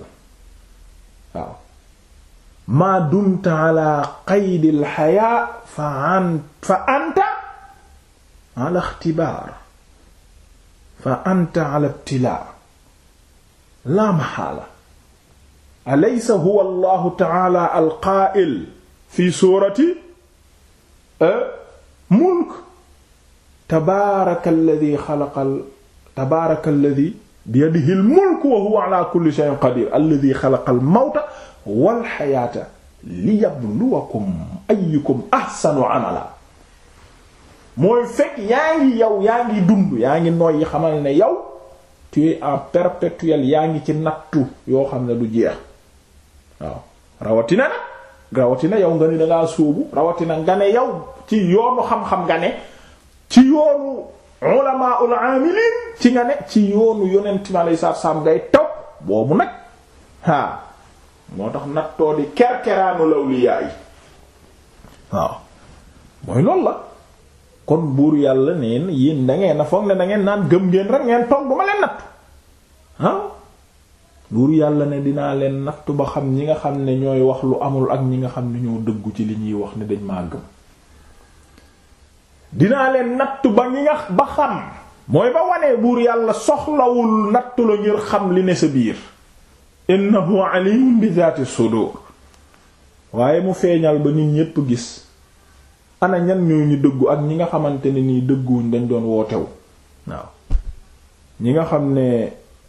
waaw maa dumta ala qaydil xayaa fa anta ala ixtibaar fa anta ala ibtilaa laa maxaala alaysa huwa allahu taala alqaa'il fi suurati e, mulk tabaaraka alladi xalaqal tabaaraka alladi biyadihi almulk wa huwa ala kulli shay'in qadiir alladi xalaqal mawta wal xayaata liyabluwakum ayyukum ahsanu amala mooy fekk yaa ngi yow yaa ngi dund yaa ngi yi xamal ne yow tu en perpétuel yaa ngi ci nattu yoo xam ne du jeex waaw rawatina nag rawatina yow nga ne dangaa sóobu rawatina nga ne yow ci yoonu xam-xam nga ne ci yoonu ulama ul amilin ci nga ne ci yoonu yonent mi alayhi salaatu salaam ngay topp boobu nag haa moo tax nattoo di kerkeraanu lawliyaa yi waaw mooy loolu la kon buur yàlla neen yi da ngeen a foog ne dangeen naan gëm ngeen rek ngeen toog du ma leen nattu buur yàlla ne dinaa leen nattu ba xam ñi nga xam ne ñooy wax lu amul ak ñi nga xam ne ñoo dëggu ci li ñuy wax ne dañ maa gëm dinaa leen nattu ba ñi nga ba xam mooy ba wanee buur yàlla soxlawul nattu la ngir xam li ne sa biir innahu alimun bi zati sudur waaye mu feeñal ba nit ñépp gis ana ñan ñoo ñu dëggu ak ñi nga xamante ne nii dëgguwuñ dañ doon wootewu waaw ñi nga xam ne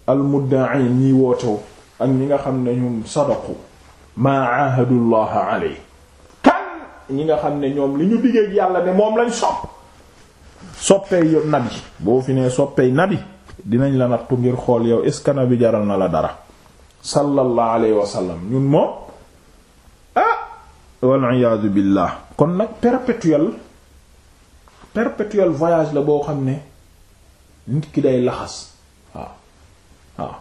almudda'in ñiy wootewu ak ñi nga xam ne ñu sadaqu maa ahadullah alay kan ñi nga xam ne ñoom li ñu diggéeg yàlla ne moom lañ sopp soppey yo nabi boo fi ne soppey nabi dinañ la nattu ngir xool yow est-ce nabi jaral na la dara sallallahu alayhi wa sallam ñun moom ah wal iyaadu billah kon nag perpétuel perpétuel voyage la boo xam ne nit ki day laxas waaw waaw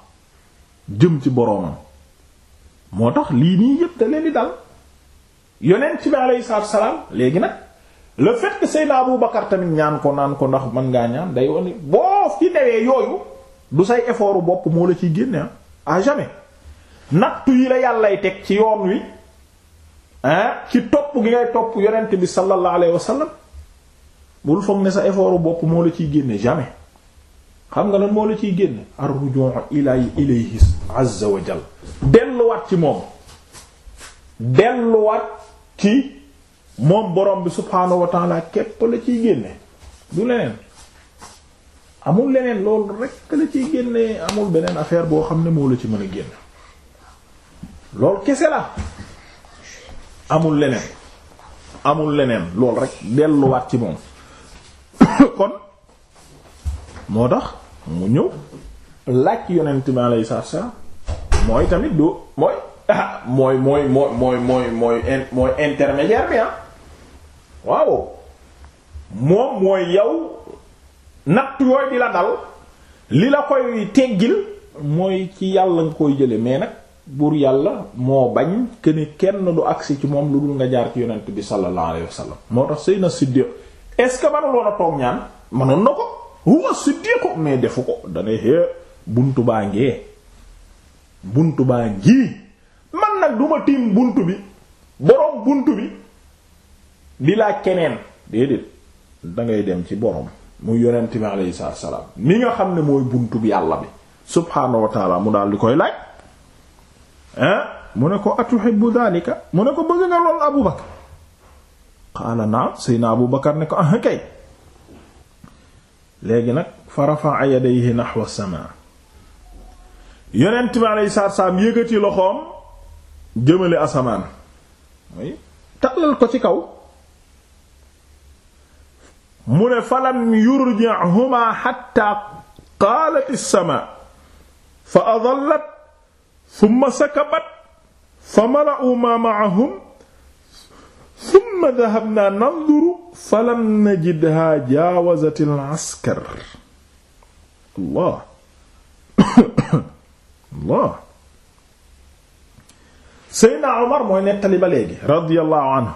jëm ci boroomam moo tax lii nii yépp leen di dal yonent bi aleyhi salaatu léegi nag le fait que Seydina tamit ñaan ko naan ko ndax mën ngaa ñaan day wone boo fi newee yooyu du say effort bopp moo la ciy génne ah à jamais nattu yi la yàllay teg ci yoon wi ci topp gi ngay topp yonent bi sallallahu alayhi wa sallam foog ne sa effort bopp moo la ciy génne jamais xam nga lan moo la ciy génne ar-ruju' ila ilayhi azza wa jal delluwaat ci moom delluwaat ci moom borom bi subhaanahu wa ta'ala la ciy génne du leneen amul leneen loolu rekk la ciy génne amul beneen affaire boo xam ne moo la ci mën a génne loolu kese la amul leneen amul leneen loolu rek delluwaat ci moom kon moo tax mu ñëw laaj yonent bi alayhi salaam mooy tamit du mooy mooy mooy mooy mooy mooy mooy mooy intermédiaire bi ah. moom mooy yow natt yooyu di la dal li la koy teggil mooy ci yàlla nga koy jële mais nag buur yàlla moo bañ que kenn du agsi ci moom lu dul nga jaar ci yonent bi sallallahu alayhi wa moo tax Seydina Siddiq est-ce que manuloon a toog ñaan manoon na ko huwa Siddiq mais defu ko danay é buntu baa ngee buntu baa ngii man nag duma tiim buntu bi boroom buntu bi di laa keneen déedéet dangay dem ci boroom mu yonent bi alayhi salaam mi nga xam ne mooy buntu bi yàlla bi subhaanahu wa mu daal di koy laaj Eh? mu ne ko atuhibbu dhalika mu ne ko bëgg nga lool Abu Bakar qaala naam sayna Abu Bakar ne ko ah kay léegi nag fa rafa'a yadayhi nahwa as-samaa yonent loxoom jëmale asamaan mooy ko ci kaw mu ne falam yurji'humaa hattaa qaalat as-samaa fa adallat summa sakabat fa mala'u ma ma'ahum summa dhahabna nanzuru falam najidha jaawazat al-askar allah allah Seydina Omar mooy nettali ba léegi radiyallahu anhu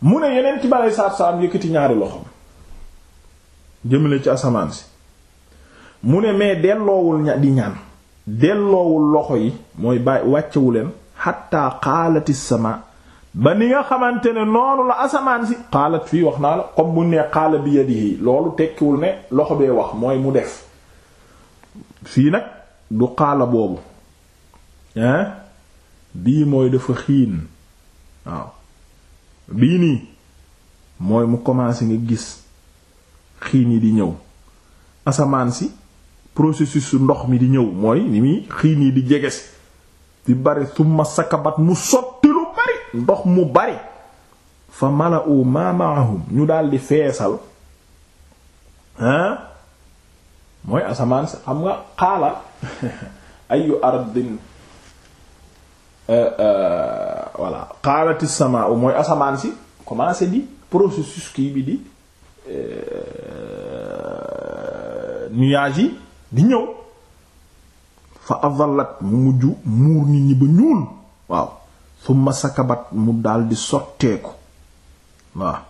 mu ne yeneen ci balay saat salaam yëkkati ñaari loxoom jëmale ci asamaan si mu ne mais delloowul ña di ñaan delloowul loxo yi mooy bàyyi wàccewu leen xatta xaalati sama ba ni nga xamante ne noonu la asamaan si xaalat fii wax naa la comme bu ne xaala bi yadihi loolu tekkiwul ne loxo bee wax mooy mu def fii nag du xaala boobu hein bii mooy dafa xiin waaw bii nii mooy mu commencé nga gis xiin yi di ñëw asamaan si processus ndox mi di ñëw mooy ni muy xiin yi di jeges di bari summa sakabat mu sotti lu bari ndox mu bari fa mala u ma maahum ñu daal di feesal ah mooy asamaan si xam nga xaala ayu ardin euh, euh, voilà xaalati sama u mooy asamaan si commencé di processus kii bi di euh, nuages yi di ñëw fa adallat mu mujj muur nit ñi ñuul waaw summa sakabat mu daldi sotteeku waaw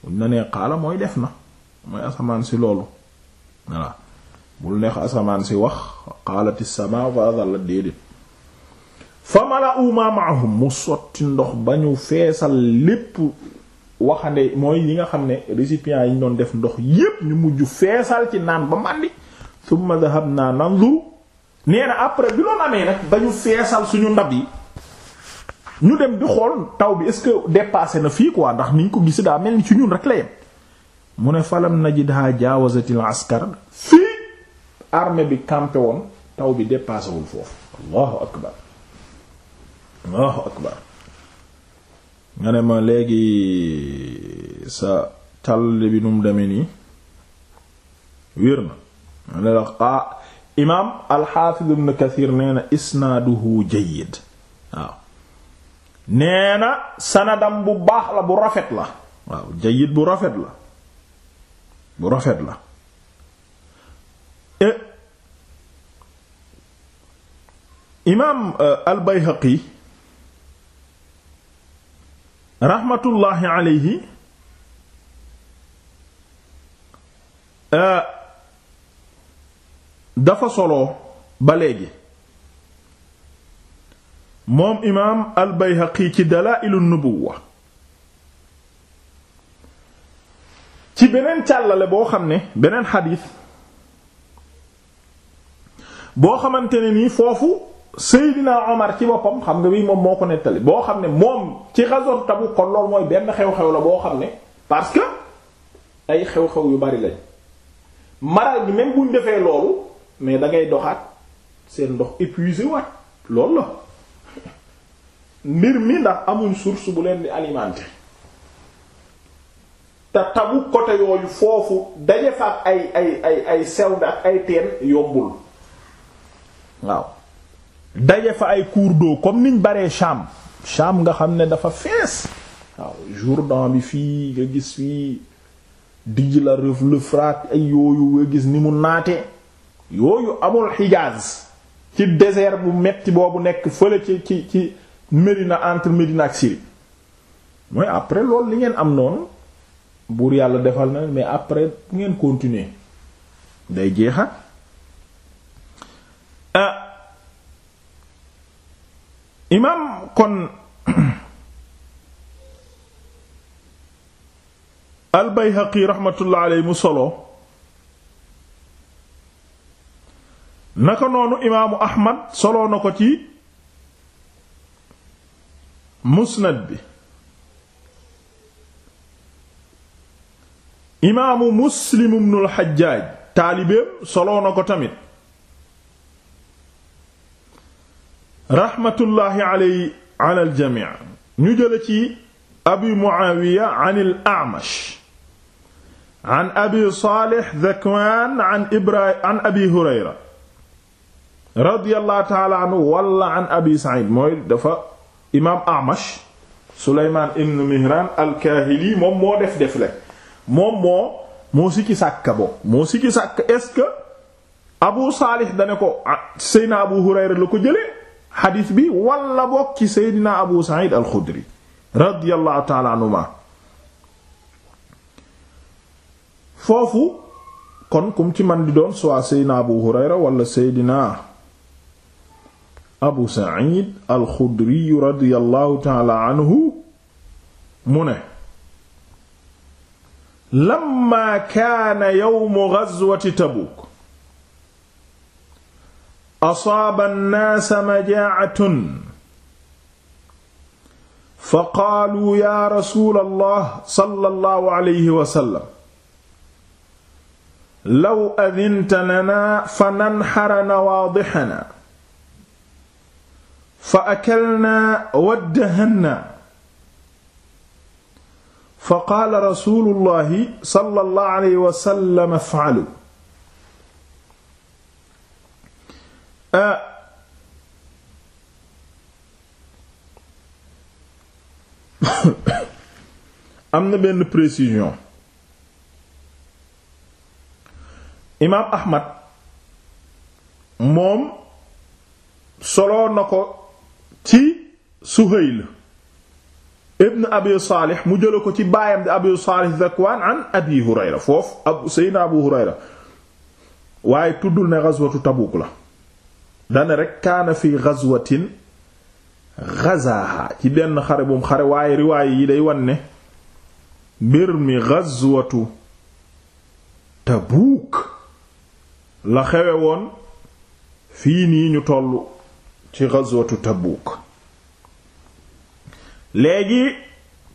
buñ na mooy def na mooy asamaan si loolu voilà bul neex asamaan si wax xaalati sama fa adallat déedéet fa mala uma maahum mu sotti ndox ba ñu feesal lépp waxande mooy yi nga xam ne récipients yi ñu doon def ndox yépp ñu mujj feesal ci naan ba màndi thumma dhahabna nanzur nee na après bi loolu amee nag ba ñu feesal suñu ndab yi ñu dem di xool taw bi est-ce que dépassé na fii quoi ndax niñ ko gis daa mel ni ci ñun rek la mu ne falam na ji najidha jaawazatil askar fii armée bi campé woon taw bi dépassé wul foofu allahu akbar allahu akbar nga ne ma léegi sa tàll bi nu mu demee nii wér na ma ne la ah imaam alxaafiz ibn kathir nee na isnaaduhu jayyid waaw nee na sanadam bu baax la bu rafet la waaw jayyid bu rafet la bu rafet la eh, imaam eh, al bayhaqi raxmatullaahi alayhi euh, dafa solo ba léegi moom imaam al Bayhaqi ci Dalaa'ilu Nubuwa ci beneen càllale boo xam ne beneen xadiis boo xamante ne nii foofu Seydina Omar ci boppam xam nga bi moom moo ko nettali boo xam ne moom ci raison Tabuk kon loolu mooy benn xew-xew la boo xam ne parce que ay xew-xew yu bari lañ maral gi même buñ defee loolu mais da ngay doxaat seen ndox épuisé waat loolu la mbir mi ndax amul source bu leen di alimenter te Tabuk côté yooyu foofu daje fa ay ay ay ay sewda ak ay teen yombul waaw daje fa ay cours do comme niñ baree Cham Cham nga xam ne dafa fees waaw Jourdain bi fii nga gis fii dijj la ref l'Euphrate yooyu nga gis ni mu naate yooyu amul Hijaz ci désert bu metti boobu nekk fële ci ci ci Médina entre Médina ak Syrie mooy après loolu li ngeen am noonu buur yàlla defal na mais après ngeen continuer day jeexat ah, imaam kon al Bayhaqi raxmatullah aley mu solo naka noonu imaamu Ahmad solo na ko ci musnad bi imaamu Muslim ibnul Xajjaaj solo na ko tamit raxmatullahi aley ala aljami ñu jële ci abi muawiya an al amash an abi salih dhakwaan an ibrahim an abi taala anhu wala an abi said mooy dafa imaam amash suleyman ibn mihran alkaahili moom moo def def le moom moo moo sikki sàkka bo moo sikki sàkk est-ce que abu saalih dane ko ah, seyna abu hurayra la ko jëlee xadiis bi wala bokk ci seydina abu sa'id al-xudri radiyallahu taala anhuma foofu kon kum ci man di doon soit seydina abu hurayra wala seydina abu sa'id al-xudri radiyallahu taala anhu mu ne lamma kaana yawmu ghazwati tabuk asaaba annaasa majaacatun fa qaaluu yaa rasuula allah sallallahu alayhi wa sallam law adinta lanaa fa nanxara nawaadixanaa fa akalnaa waddahanna fa qaala rasuulu llahi sallallahu alayhi wa sallam afcalu Euh, am na benn précision imaam Ahmad moom solo na ko ci Suhayl ibn Abi Salih mu jëla ko ci baayam di Abi Salih Zakwan Abi Hurayra foofu ab Abu Hurayra waaye tuddul ne ghazwatu Tabuk la dana rek kaana fi ghazwatin ghazaha ci benn xare bum xare waaye riwaay yi day wan ne mbir mi ghazwatu Tabuuk la xewe woon fii nii ñu tollu ci ghazwatu Tabuuk léegi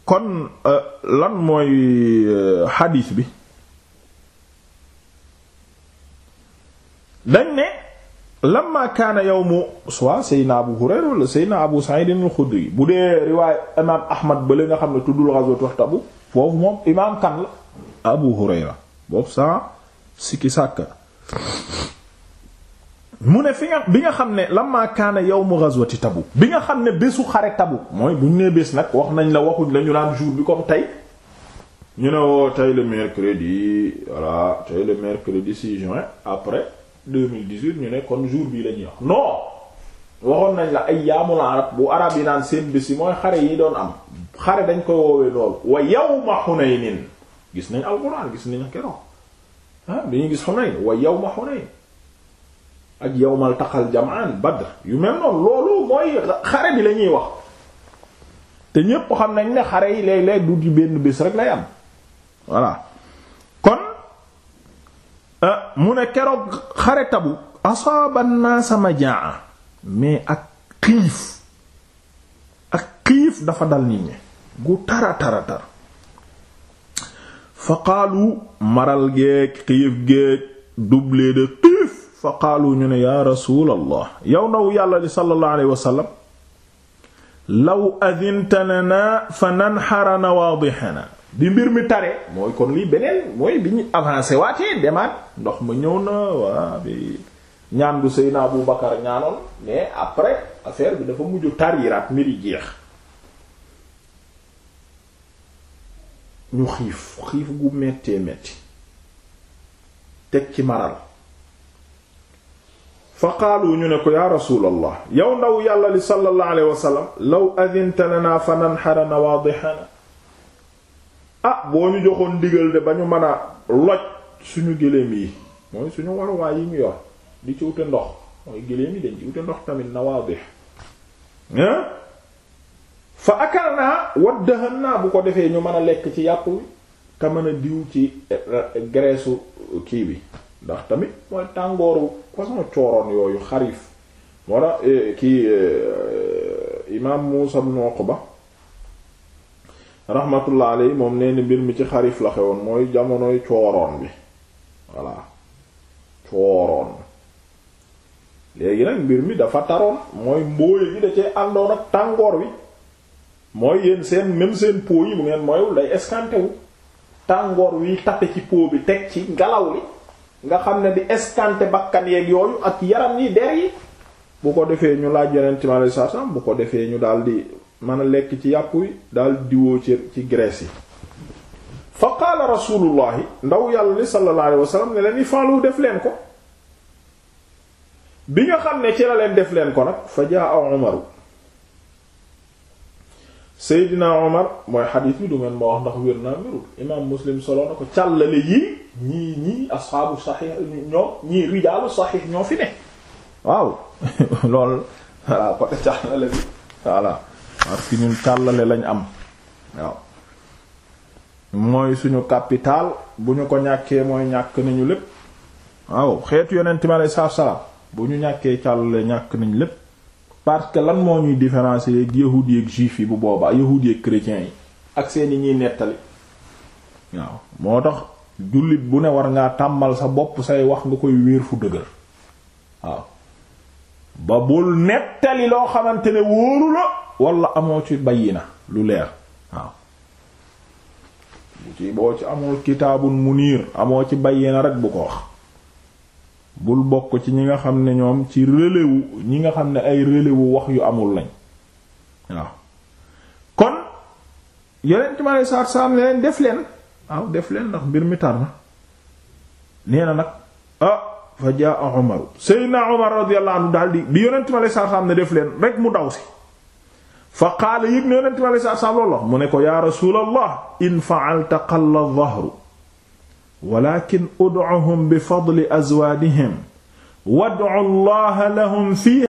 kon euh, lan mooy euh, xadiis bi dañ ne lamma kaana yawmu soit Seydina Abu Hurayra wala Seydina Abu Sa'id al-Khudri bu dee riwaay imaam Ahmad bële nga xam ne tuddul ghazwatu Tabuk foofu moom imaam kan la Abu Hurayra boobu sans sikki sàkka mu ne fi nga bi nga xam ne lamma kaana yawmu ghazwati tabu bi nga xam ne bésu xare Tabuk mooy bu ñu nee bés nag wax nañ la waxuñ la ñu naan jour bi comme tey ñu ne woo tey le mercredi voilà tey mercredi 6 juin après. deux mille dix-huit ñu ne kon jour bii la ñuy wax non waxoon nañ la ay yaamul bu arab yi naan seen bés yi mooy xare yi doon am xare dañ koy woowee loolu wa yawma Hunayn gis nañ alxuraan gis nañ keroog ah bi ñu gis Hunayn wa yawma Hunayn ak yawmal taxal jamaan Badr yu mel noonu loolu mooy xare bi la ñuy wax te ñépp xam nañ ne xare yi léeg-léeg du ci benn bés rek lay am voilà mu ne keroog xare Tabuk asaaba naasa majaa mais ak xiif ak xiif dafa dal nit ñi gu tara tara tar fa qaalu maral géeg xiif géeg doublé de xiif fa qaalu ñu ne yaa rasuulallah yow ndaw yàlla li sallallahu alayhi wasallam law adinta lana fa bi mbir mi tare mooy kon lii beneen mooy bi ñu avancé waatee demaat ndox ma ñëw na waa bi ñaan gu Seydina Abu Bakar ñaanoon mais après affaire bi dafa mujj tariraat mbir yi jeex ñu xiif xiif gu méttee métti teg ci maral fa qaalu ñu ne ko yaa rasulallah yow ndaw yàlla li sallallahu alayhi wa sallam law adinta lana fa nanxara ah boo ñu joxoon ndigal de ba ñu mën loj suñu gëléem yi mooy suñu waruwaay yi mu yor di ci wute ndox mooy gëléem yi dañ ci wute ndox tamit na waa bi fa akal naa waddahan naa bu ko defee ñu mën a lekk ci yàpp wi te mën diw ci eh, eh, graisse kii bi ndax tamit mooy tàngooru façon cooroon yooyu xarif moo tax eh, kii imaam Muusa ibn ba rahmatullah alayhi moom nee na mbir mi ci xarif la xewoon mooy jamonoy cooroon bi voilà cooroon léegi nag mbir mi dafa taroon mooy mbóoye gi da cee àndoon ak tàngoor wi mooy yéen seen même seen po yi bu ngeen mooyul day escanté wu tàngoor wi tape ci po bi teg ci ngelaw li nga xam ne di escanté bakkan yeeg yooyu ak yaram yi der yi bu ko defee ñu laaj yeneen time ale bu ko defee ñu di man a lekk ci yàpp wi daal diwoo ci ci yi fa qaala rasulullahi ndaw yàlla li sallallahu alayhi wa sallam ne leen def leen ko bi nga xam ne ci la leen def leen ko nag fa jaa a umaru seydina omar mooy xadiis bi du mel ma wax ndax wér naa wérul imaam muslim solo na ko càllale yii ñii ñii asxaabu saxiix ñoom ñii rijaalu saxiix ñoo fi ne waaw lool voilà côté càllale bi voilà parce que ñun càllale lañ am waaw mooy suñu capital bu ñu ko ñàkkee mooy ñàkk nañu lépp waaw xeetu yonent ma aleyhi salaatu salaam bu ñu ñàkkee càllale ñàkk nañ lépp parce que lan moo ñuy différencier yi ak juif yi bu boobaa yahuud yi ak yi ak seeni ñuy nettali waaw moo tax jullit bu ne war ngaa tàmbal sa bopp say wax nga koy wéer fu dëgër waaw ba bul nettali loo xamante ne wóoru wala amoo ci na lu leer waaw bu ci boo ci amul kitaabun muniir amoo ci bayina rek bu ko wax bul bokk ci ñi nga xam ne ñoom ci relais wu ñi nga xam ne ay relais wu wax yu amul lañ waaw kon yeneen ci ma ne saar saam ne leen def leen waaw def leen ndax mbir mi tar na nee na nag ah fa jaa a Umar Seydina Umar radiyallahu anhu daal di bi yonent ma lay saar saam ne def leen rek mu daw si fa qaala yëg ne yonent bi alei satu selaam loolu mu ne ko yaa rasulallah in fa'alta qalla dhahru walakin ud'uhum bi fadli azwaadihim wad'u allaha lahum fiiha